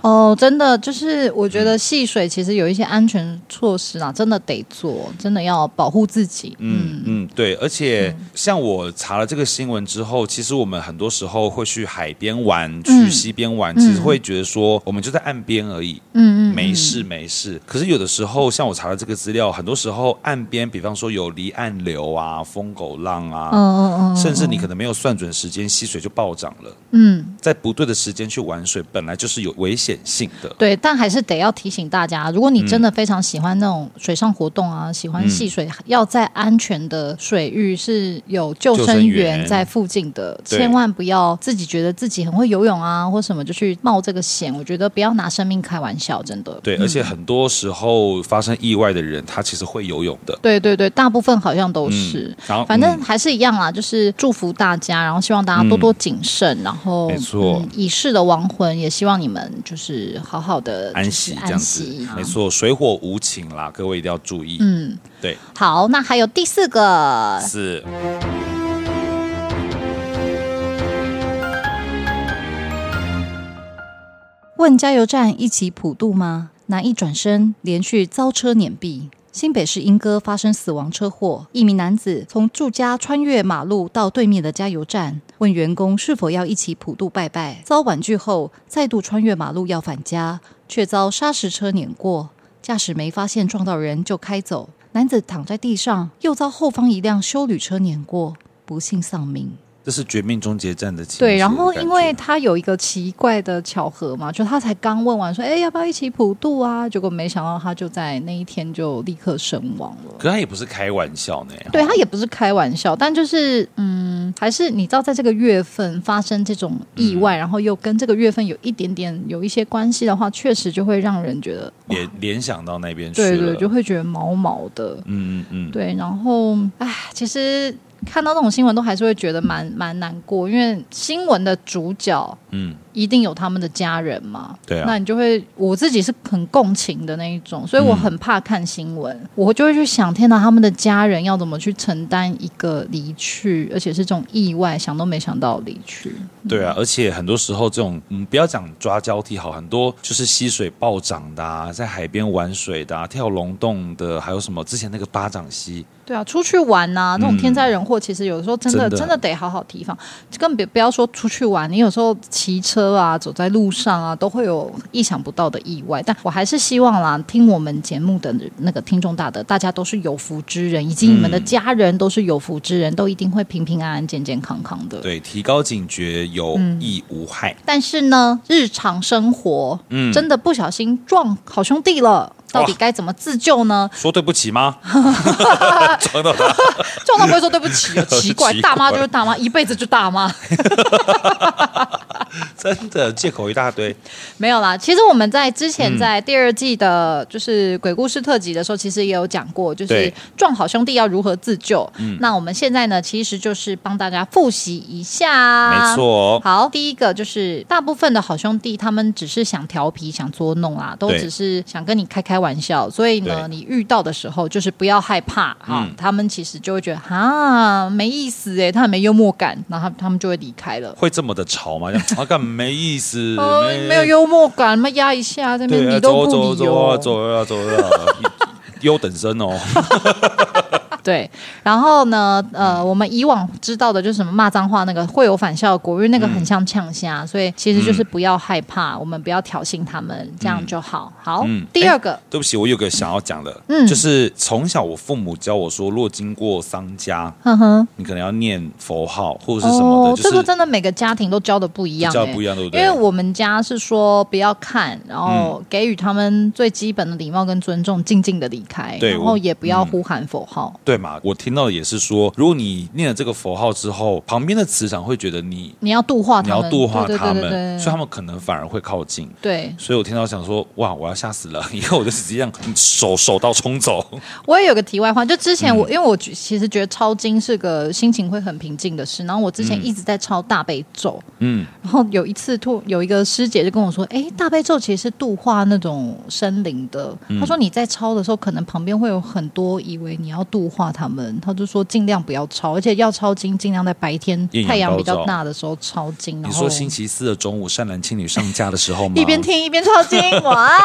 哦，真的就是，我覺得戲水其實有一些安全措施啊，真的得做，真的要保護自己。嗯嗯，嗯，對。而且、嗯、像我查了這個新聞之後，其實我們很多時候會去海邊玩，去溪邊玩、嗯，其實會覺得說我們就在岸邊而已，嗯嗯，沒事沒事。可是有的時候，像我查了這個資料，很多時候岸邊，比方說有離岸流啊、瘋狗浪啊、哦，甚至你可能沒有算準時間，溪水就暴漲了。嗯，在不對的時間去玩水，本來就是。有危險性的，對，但還是得要提醒大家，如果你真的非常喜歡那種水上活動啊，嗯、喜歡戲水、嗯，要在安全的水域，是有救生員在附近的，千萬不要自己覺得自己很會游泳啊或什麼就去冒這個險。我覺得不要拿生命開玩笑，真的。對、嗯，而且很多時候發生意外的人，他其實會游泳的。對對對，大部分好像都是。嗯、然後，反正還是一樣啦，就是祝福大家，然後希望大家多多謹慎，嗯、然後沒錯，已、嗯、逝的亡魂也希望你們。們就是好好的安息，安息這樣子、啊、沒錯，水火無情啦，各位一定要注意。嗯，對，好，那還有第四個四，問加油站一起普渡嗎？那一轉身，連續遭車碾斃。新北市鶯歌發生死亡車禍，一名男子從住家穿越馬路到對面的加油站，問員工是否要一起普渡拜拜，遭婉拒後再度穿越馬路要返家，卻遭砂石車碾過，駕駛沒發現撞到人就開走，男子躺在地上，又遭後方一輛休旅車碾過，不幸喪命。這是《絕命終結站》的情的對，然後因為他有一個奇怪的巧合嘛，就他才剛問完說：“哎，要不要一起普渡啊？”結果沒想到他就在那一天就立刻身亡了。可他也不是開玩笑呢。對，他也不是開玩笑，但就是嗯，還是你知道，在這個月份發生這種意外，嗯，然後又跟這個月份有一點點有一些關係的話，確實就會讓人覺得也聯想到那邊去。對對，就會覺得毛毛的。嗯嗯嗯。對，然後哎，其實。看到這種新聞，都還是會覺得蠻蠻難過，因為新聞的主角，嗯，一定有他們的家人嘛？對啊，那你就會，我自己是很共情的那一種，所以我很怕看新聞，嗯、我就會去想，天吶，他們的家人要怎麼去承擔一個離去，而且是這種意外，想都沒想到離去、嗯。對啊，而且很多時候這種，嗯，不要講抓交替好，很多就是溪水暴漲的、啊，在海邊玩水的、啊、跳龍洞的，還有什麼之前那個巴掌溪。對啊，出去玩啊，那種天災人禍，嗯、其實有的時候真的真的，真的得好好提防。更別不要說出去玩，你有時候騎車。啊，走在路上啊，都會有意想不到的意外。但我還是希望啦，聽我們節目的那個聽眾大德，大家都是有福之人，以及你們的家人都是有福之人，嗯、都一定會平平安安、健健康康的。對，提高警覺有益無害、嗯。但是呢，日常生活，嗯，真的不小心撞好兄弟了，到底該怎麼自救呢？說對不起嗎？ 撞到不會說對不起啊、哦， 奇怪，奇怪，大媽就是大媽，一輩子就大媽。 真的借口，一大堆，沒有啦。其實我們在之前在第二季的，就是鬼故事特輯的時候，其實也有講過，就是撞好兄弟要如何自救。嗯，那我們現在呢，其實就是幫大家複習一下。沒錯、哦。好，第一個就是大部分的好兄弟，他們只是想調皮、想捉弄啊，都只是想跟你開開玩笑。所以呢，你遇到的時候，就是不要害怕啊、嗯。他們其實就會覺得啊，沒意思哎，他很沒幽默感，然後他們就會離開了。會這麼的吵嗎？幹嘛？沒意思、哦沒，沒有幽默感，他壓一下，這邊你都不理。走走走啊，走啊走啊，優、啊、 等生哦。 對，然後呢？呃，我們以往知道的就是什麼罵髒話，那個會有反效果，因為那個很像嗆聲、嗯，所以其實就是不要害怕，嗯、我們不要挑釁他們，嗯、這樣就好。好，嗯、第二個、欸，對不起，我有個想要講的、嗯，就是從小我父母教我說，若經過喪家，哼、嗯、哼，你可能要念佛號或者是什麼的、哦就是，這個真的每個家庭都教的不一樣，教的不一樣，對不對？因為我們家是說不要看，然後給予他們最基本的禮貌跟尊重，靜靜的離開，然後也不要呼喊佛號。對嘛，我聽到的也是說，如果你念了這個佛號之後，旁邊的磁場會覺得你你要度化，你要度化他們，化他們對對對對對對，所以他們可能反而會靠近。對，所以我聽到想說，哇，我要嚇死了！以後我就直接這樣手 手，手到衝走。我也有個題外話，就之前我、嗯、因為我其實覺得抄經是個心情會很平靜的事，然後我之前一直在抄大悲咒，嗯，然後有一次突有一個師姐就跟我說，哎，大悲咒其實是度化那種生靈的，她、嗯、說你在抄的時候，可能旁邊會有很多以為你要度化。他們他就說儘量不要抄，而且要抄經，儘量在白天太陽比較大的時候抄經。你說星期四的中午，善男信女上架的時候嗎？一邊聽一邊抄經， 哇，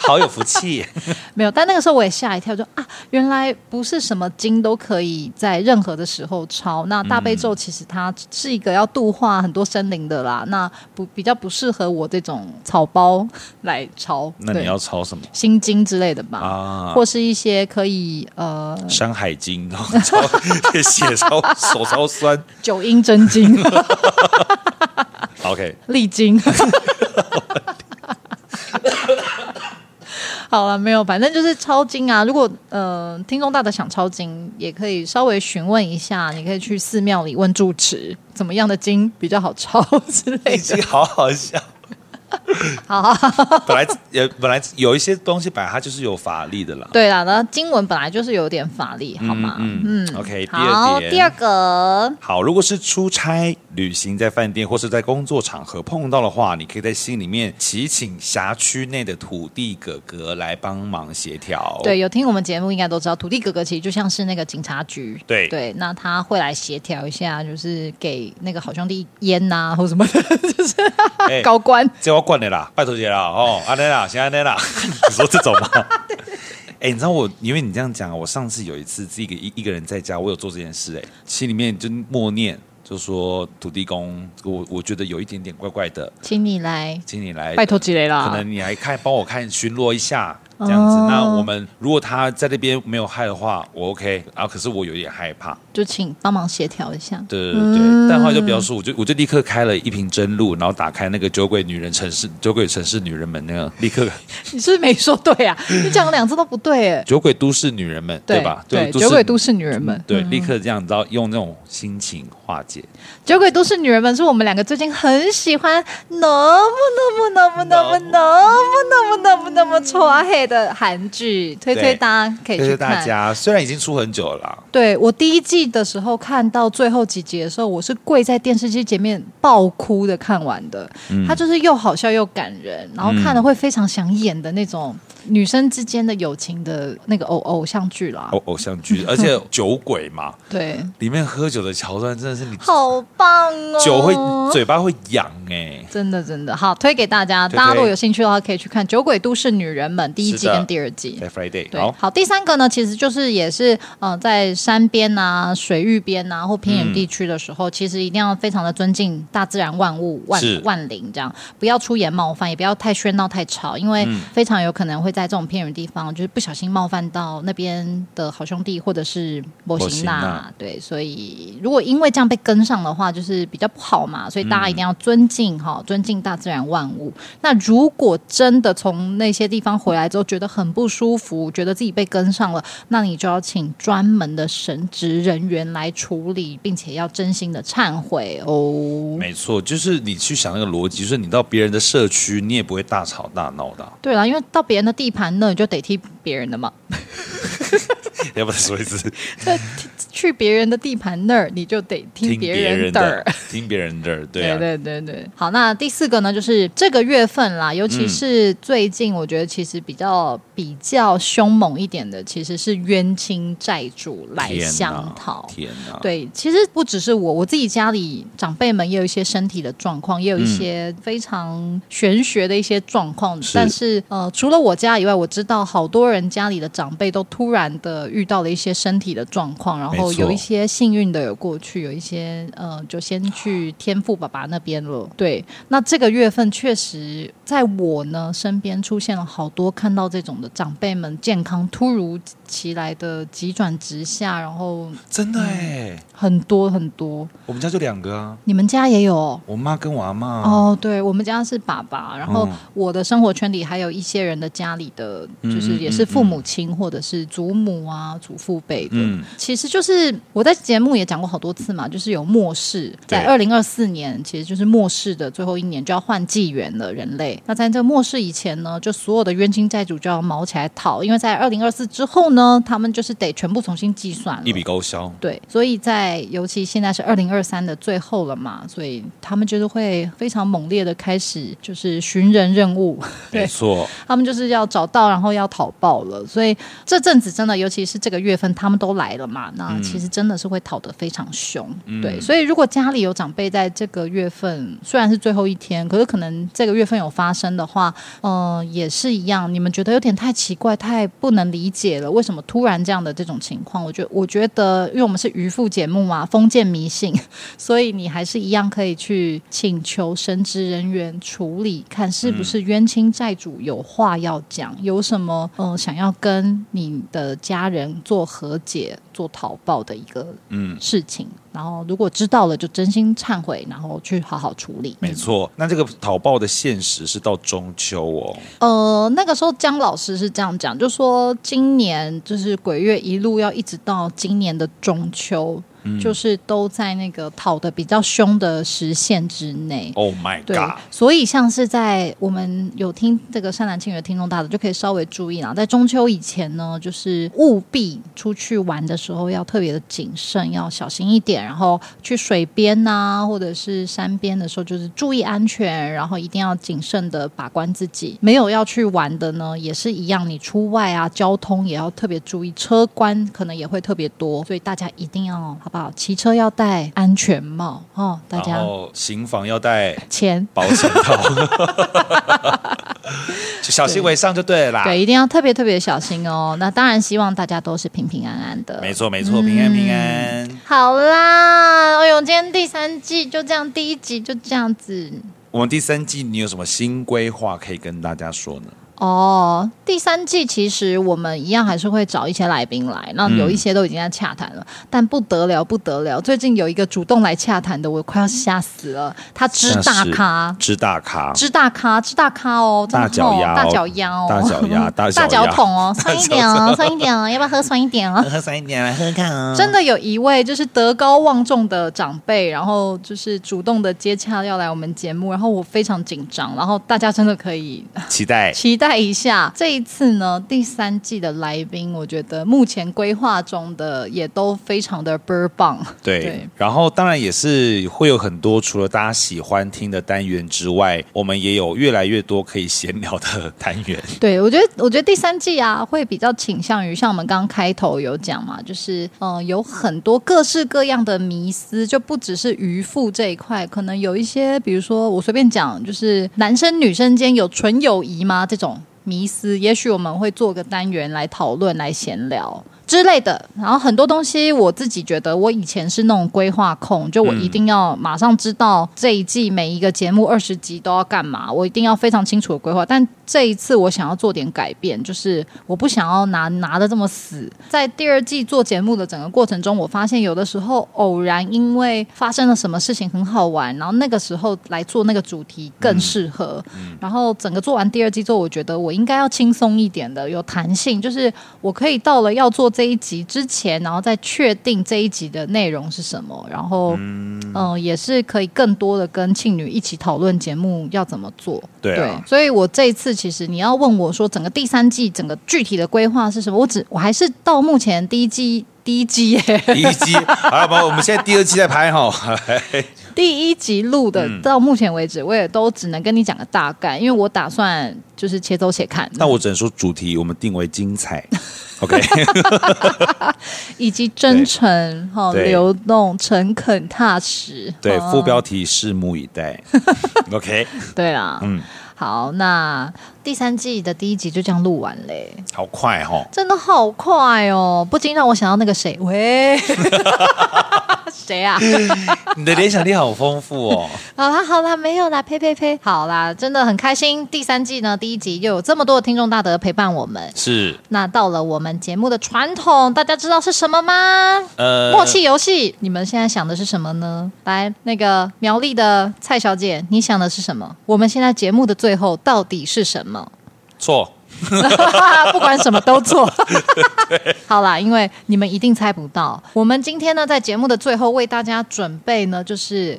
好有福氣。 沒有，但那個時候我也嚇一跳，就啊，原來不是什麼經都可以在任何的時候抄。那大悲咒其實它是一個要度化很多生靈的啦，嗯、那不比較不適合我這種草包來抄。那你要抄什麼？心經之類的吧，啊，或是一些可以呃。山海經，然後抄寫 血超 手超酸，九陰真經。 OK，歷經。荔 好了、啊，沒有，反正就是抄經啊。如果呃，聽眾大德想抄經，也可以稍微詢問一下，你可以去寺廟裡問住持，怎麼樣的經比較好抄之類的。好好笑。好， 本來有本來有一些東西，本來它就是有法力的啦。對啦，那經文本來就是有點法力，好吧？嗯，嗯，嗯，OK 好。好，第二個，好，如果是出差，旅行在飯店或是在工作場合碰到的話，你可以在心裡面祈請轄區內的土地哥哥來幫忙協調。對，有聽我們節目應該都知道，土地哥哥其實就像是那個警察局。對對，那他會來協調一下，就是給那個好兄弟煙吶、啊，或者什麼的，就是、欸、高官。這我慣你啦，拜託姐了哦。阿奶，啦，先阿奶，啦，你說這種吧。哎、 欸，你知道我，因為你這樣講，我上次有一次自己一個一個人在家，我有做這件事、欸，哎，心裡面就默念。就說土地公，我我覺得有一點點怪怪的，請你來，請你來，拜託起來了。可能你來看，幫我看巡邏一下這樣子。哦、那我們如果他在那邊沒有害的話，我 OK、啊。然後可是我有點害怕，就請幫忙協調一下。對、嗯、對對但後來就不要說，我就我就立刻開了一瓶真露，然後打開那個酒鬼女人城市，酒鬼城市女人們那個立刻。 你是不是沒說對啊？嗯、你講了兩次都不對耶，酒鬼都市女人們，對吧？對，對酒鬼都市女人們，對、嗯，立刻這樣子，用那種心情。化解。《酒鬼都市女人們》是我們兩個最近很喜歡，能不能不能不能不能不能不能不能不能不那麼戳黑的韓劇，推推大家可以去看。大家雖然已經出很久了，對，我第一季的時候看到最後幾集的時候，我是跪在電視機前面爆哭的看完的。嗯，它就是又好笑又感人，然後看了會非常想演的那種。女生之間的友情的那個偶偶、哦哦、像劇啦，偶、哦、偶、哦、像劇，而且酒鬼嘛， 對，裡面喝酒的橋段真的是好棒哦，酒會嘴巴會癢哎、欸，真的真的好推給大家對對對，大家如果有興趣的話可以去看《酒鬼都市女人們》第一季跟第二季。Friday，對好，好，第三個呢，其實就是也是嗯、呃、在山邊啊、水域邊啊或偏遠地區的時候，嗯，其實一定要非常的尊敬大自然萬物萬萬靈，這樣不要出言冒犯，也不要太喧鬧太吵，因為非常有可能會。在這種偏遠的地方，就是不小心冒犯到那邊的好兄弟或者是魔神仔。對，所以如果因為這樣被跟上的話，就是比較不好嘛。所以大家一定要尊敬哈、嗯，尊敬大自然萬物。那如果真的從那些地方回來之後覺得很不舒服，嗯、覺得自己被跟上了，那你就要請專門的神職人員來處理，並且要真心的懺悔哦。沒錯，就是你去想那個邏輯，就是你到別人的社區，你也不會大吵大鬧的。對啦，因為到別人的。地盤呢，你就得替別人的嘛。 要不再說一次？ 去別人的地盤那兒，你就得聽別人的，聽別人，人的，對、啊，對，對，對，對。好，那第四個呢，就是這個月份啦，尤其是最近，我覺得其實比較比較兇猛一點的，嗯、其實是冤親債主來、啊、相討。天吶、啊。對，其實不只是我，我自己家裡長輩們也有一些身體的狀況，也有一些非常玄學的一些狀況、嗯。但是，是呃，除了我家以外，我知道好多人家裡的長輩都突然的。遇到了一些身體的狀況，然後有一些幸運的有過去，有一些呃，就先去天父爸爸那邊了。對，那這個月份確實。在我呢身邊出現了好多看到這種的長輩們，健康突如其來的急轉直下，然後真的，嗯、很多很多。我們家就兩個啊，你們家也有？我媽跟我阿嬤哦，對，我們家是爸爸。然後我的生活圈裡還有一些人的家裡的，嗯、就是也是父母親嗯嗯嗯或者是祖母啊，祖父輩的，嗯。其實就是我在節目也講過好多次嘛，就是有末世，在二零二四年，其實就是末世的最後一年，就要換紀元了，人類。那在這個末世以前呢，就所有的冤親債主就要卯起來討，因為在二零二四之後呢，他們就是得全部重新計算了，一筆勾銷。對，所以在尤其現在是二零二三的最後了嘛，所以他們就是會非常猛烈的開始就是尋人任務。沒錯，他們就是要找到，然後要討報了。所以這陣子真的，尤其是這個月份，他們都來了嘛。那其實真的是會討得非常兇，嗯。對，所以如果家裡有長輩在這個月份，雖然是最後一天，可是可能這個月份有發發生的話，嗯、呃，也是一樣。你們覺得有點太奇怪、太不能理解了，為什麼突然這樣的這種情況？我覺得，我覺得，因為我們是漁夫節目嘛，封建迷信，所以你還是一樣可以去請求神職人員處理，看是不是冤親債主有話要講，嗯、有什麼嗯、呃，想要跟你的家人做和解、做討報的一個嗯事情。嗯然後，如果知道了，就真心懺悔，然後去好好處理。沒錯，那這個討報的現實是到中秋哦。呃，那個時候姜老師是這樣講，就說今年就是鬼月一路要一直到今年的中秋。嗯、就是都在那個討的比較兇的時限之內。Oh my god！對，所以像是在我們有聽這個善嵐慶女的聽眾大德，就可以稍微注意了、啊。在中秋以前呢，就是務必出去玩的時候要特別的謹慎，要小心一點。然後去水邊吶、啊，或者是山邊的時候，就是注意安全，然後一定要謹慎的把關自己。沒有要去玩的呢，也是一樣，你出外啊，交通也要特別注意，車關可能也會特別多，所以大家一定要。騎車要戴安全帽哦，大家。哦，行房要戴錢保險套， 小心為上就對了啦。對。對，一定要特別特別小心哦。那當然，希望大家都是平平安安的。沒錯沒錯，嗯、平安平安。好啦，哎呦，我今天第三季就這樣，第一集就這樣子。我們第三季，你有什麼新規劃可以跟大家說呢？哦，第三季其實我們一樣還是會找一些來賓來，那有一些都已經在洽談了、嗯。但不得了，不得了！最近有一個主動來洽談的，我快要嚇死了。他知大咖，知大咖，知大咖，知大咖，知大咖哦！大腳丫，大腳丫、哦，大腳丫、哦，大腳桶哦！酸一點哦、啊，酸一點哦、啊啊！要不要喝酸一點哦、啊？喝酸一點、啊、來喝看啊、哦！真的有一位就是德高望重的長輩，然後就是主動的接洽要來我們節目，然後我非常緊張，然後大家真的可以期待，期待。看一下這一次呢，第三季的來賓，我覺得目前規劃中的也都非常的倍兒棒。對。對，然後當然也是會有很多除了大家喜歡聽的單元之外，我們也有越來越多可以閒聊的單元。對我覺得，我覺得第三季啊，會比較傾向於像我們剛剛開頭有講嘛，就是嗯、呃，有很多各式各樣的迷思，就不只是漁夫這一塊，可能有一些，比如說我隨便講，就是男生女生間有純友誼嗎？這種。迷思，也許我們會做個單元來討論，來閒聊。之類的，然後很多東西我自己覺得，我以前是那種規劃控，就我一定要馬上知道這一季每一個節目二十集都要幹嘛，我一定要非常清楚的規劃。但這一次我想要做點改變，就是我不想要拿拿的這麼死。在第二季做節目的整個過程中，我發現有的時候偶然因為發生了什麼事情很好玩，然後那個時候來做那個主題更適合。然後整個做完第二季之後，我覺得我應該要輕鬆一點的，有彈性，就是我可以到了要做。這一集之前，然後再確定這一集的內容是什麼，然後嗯、呃，也是可以更多的跟慶女一起討論節目要怎麼做，對、啊。對，所以我這一次其實你要問我說，整個第三季整個具體的規劃是什麼？我只我還是到目前第一季第一季，第一季好吧 我們現在第二季在拍齁 第一集錄的到目前為止，我也都只能跟你講個大概、嗯，因為我打算就是且走且看。那我只能說主題我們定為精彩 ，OK， 以及真誠哈，流動誠懇踏實，對副標題 拭目以待，OK，對啦，嗯，好那。第三季的第一集就這樣錄完嘞，欸，好快哦，真的好快哦，不禁讓我想到那個誰，喂，誰 誰啊？ 你的聯想力好豐富哦！ 好啦好啦，沒有啦，呸呸呸，好啦，真的很開心。第三季呢，第一集又有這麼多的聽眾大德陪伴我們，是。那到了我們節目的傳統，大家知道是什麼嗎？呃，默契遊戲。你們現在想的是什麼呢？來，那個苗栗的蔡小姐，你想的是什麼？我們現在節目的最後到底是什麼？錯。 不管什麼都錯， 對笑好啦，因為你們一定猜不到，我們今天呢，在節目的最後為大家準備呢，就是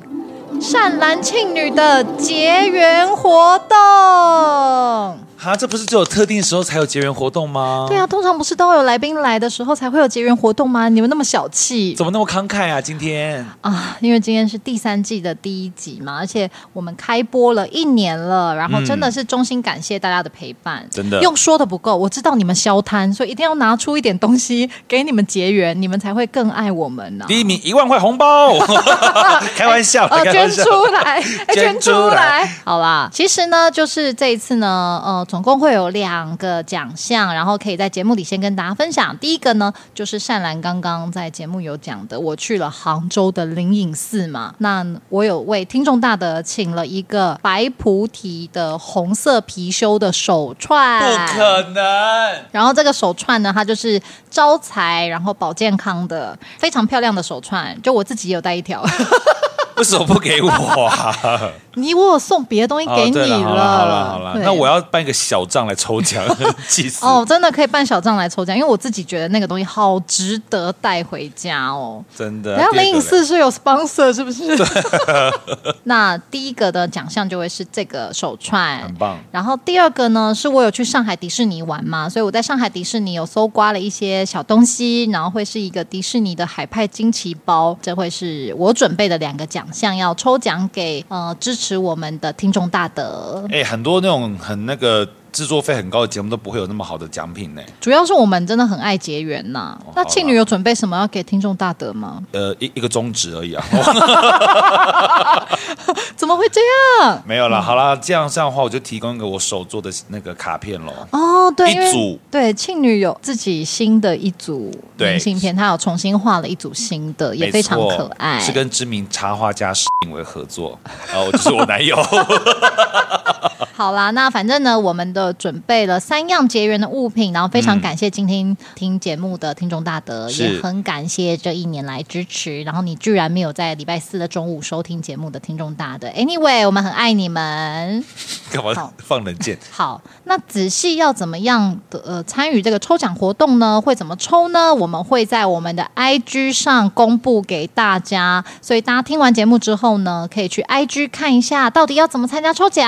善嵐慶女的結緣活動。啊，這不是只有特定的時候才有結緣活動嗎？對啊，通常不是都有來賓來的時候才會有結緣活動嗎？你們那麼小氣，怎麼那麼慷慨啊？今天啊，因為今天是第三季的第一集嘛，而且我們開播了一年了，然後真的是衷心感謝大家的陪伴，真、嗯、的用說的不夠，我知道你們肖貪，所以一定要拿出一點東西給你們結緣，你們才會更愛我們呢、啊。第一名一萬塊紅包， 開玩笑、哎，呃，捐出來，捐、哎、捐出來捐，好啦，其實呢，就是這一次呢，呃。總共會有兩個獎項，然後可以在節目裡先跟大家分享。第一個呢，就是善嵐剛剛在節目有講的，我去了杭州的靈隱寺嘛，那我有為聽眾大德請了一個白菩提的紅色貔貅的手串，不可能。然後這個手串呢，它就是招財，然後保健康的，非常漂亮的手串，就我自己有戴一條。 為什麼不給我、啊？ 你我有送別的東西給你了。哦、了好了好,好了，那我要辦一個小賬來抽獎。 哦，真的可以辦小賬來抽獎，因為我自己覺得那個東西好值得帶回家哦。真的、啊。然後靈隱寺是有 sponsor 是不是？對 那第一個的獎項就會是這個手串、哦，很棒。然後第二個呢，是我有去上海迪士尼玩嘛，所以我在上海迪士尼有搜刮了一些小東西，然後會是一個迪士尼的海派驚奇包，這會是我準備的兩個獎。想要抽獎給呃支持我們的聽眾大德，欸，很多那種很那個。製作費很高的節目都不會有那麼好的獎品呢。主要是我們真的很愛結緣吶。那慶女有準備什麼要給聽眾大德嗎？呃，一一,一個宗旨而已啊。 怎麼會這樣？沒有了，好了，這樣這樣的話，我就提供一個我手做的那個卡片嘍。哦，對，一組，對，慶女有自己新的一組明信片，她有重新畫了一組新的，也非常可愛，是跟知名插畫家石井為合作，然 後、啊、就是我男友。 好啦，那反正呢，我們的準備了三樣結緣的物品，然後非常感謝今天聽節目的聽眾大德，嗯、也很感謝這一年來支持。然後你居然沒有在禮拜四的中午收聽節目的聽眾大德，Anyway，我們很愛你們。幹嘛放冷箭？好，那仔細要怎麼樣呃參與這個抽獎活動呢？會怎麼抽呢？我們會在我們的 IG 上公布給大家，所以大家聽完節目之後呢，可以去 IG 看一下到底要怎麼參加抽獎。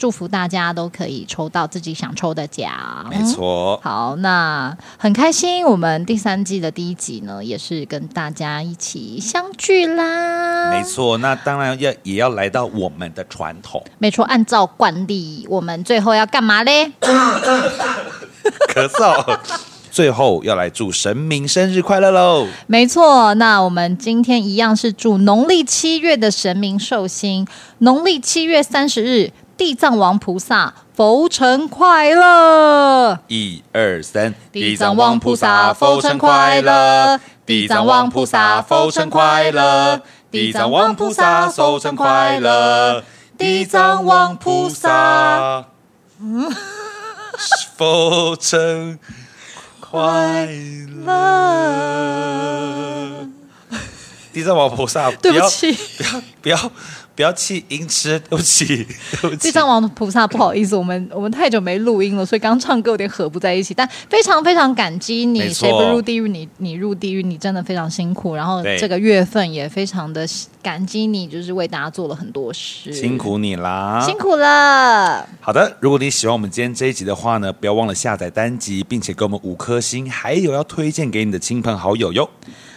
祝福大家都可以抽到自己想抽的獎，沒錯。好，那很開心，我們第三季的第一集呢，也是跟大家一起相聚啦。沒錯，那當然要也要來到我們的傳統，沒錯，按照慣例，我們最後要幹嘛嘞？咳 嗽， 最後要來祝神明生日快樂嘍。沒錯，那我們今天一樣是祝農曆七月的神明壽星，農曆七月三十日，地藏王菩薩，浮成快樂！一二三，地藏王菩薩，浮成快樂！地藏王菩薩，浮成快樂！地藏王菩薩，浮成快樂！地藏王菩薩，福成快樂！嗯、快樂 地藏王菩薩，對不起，不要，不要。不要不要氣音痴，對不起，對不起，地藏王菩薩，不好意思，我們我們太久沒錄音了，所以剛剛唱歌有點合不在一起，但非常非常感激你。誰不入地獄，你你入地獄，你真的非常辛苦，然後這個月份也非常的。感激你，就是為大家做了很多事，辛苦你啦，辛苦了。好的，如果你喜歡我們今天這一集的話呢，不要忘了下載單集，並且給我們五顆星，還有要推薦給你的親朋好友喲。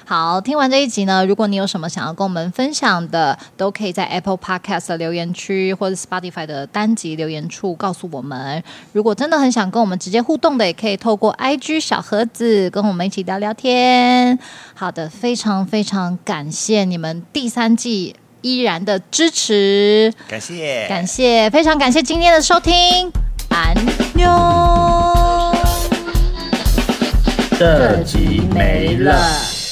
好，聽完這一集呢，如果你有什麼想要跟我們分享的，都可以在 Apple Podcast 的留言區或者 Spotify 的單集留言處告訴我們。如果真的很想跟我們直接互動的，也可以透過 IG 小盒子跟我們一起聊聊天。好的，非常非常感謝你們第三。季依然的支持，感謝、感謝，非常感謝今天的收聽，安妞，這集沒了。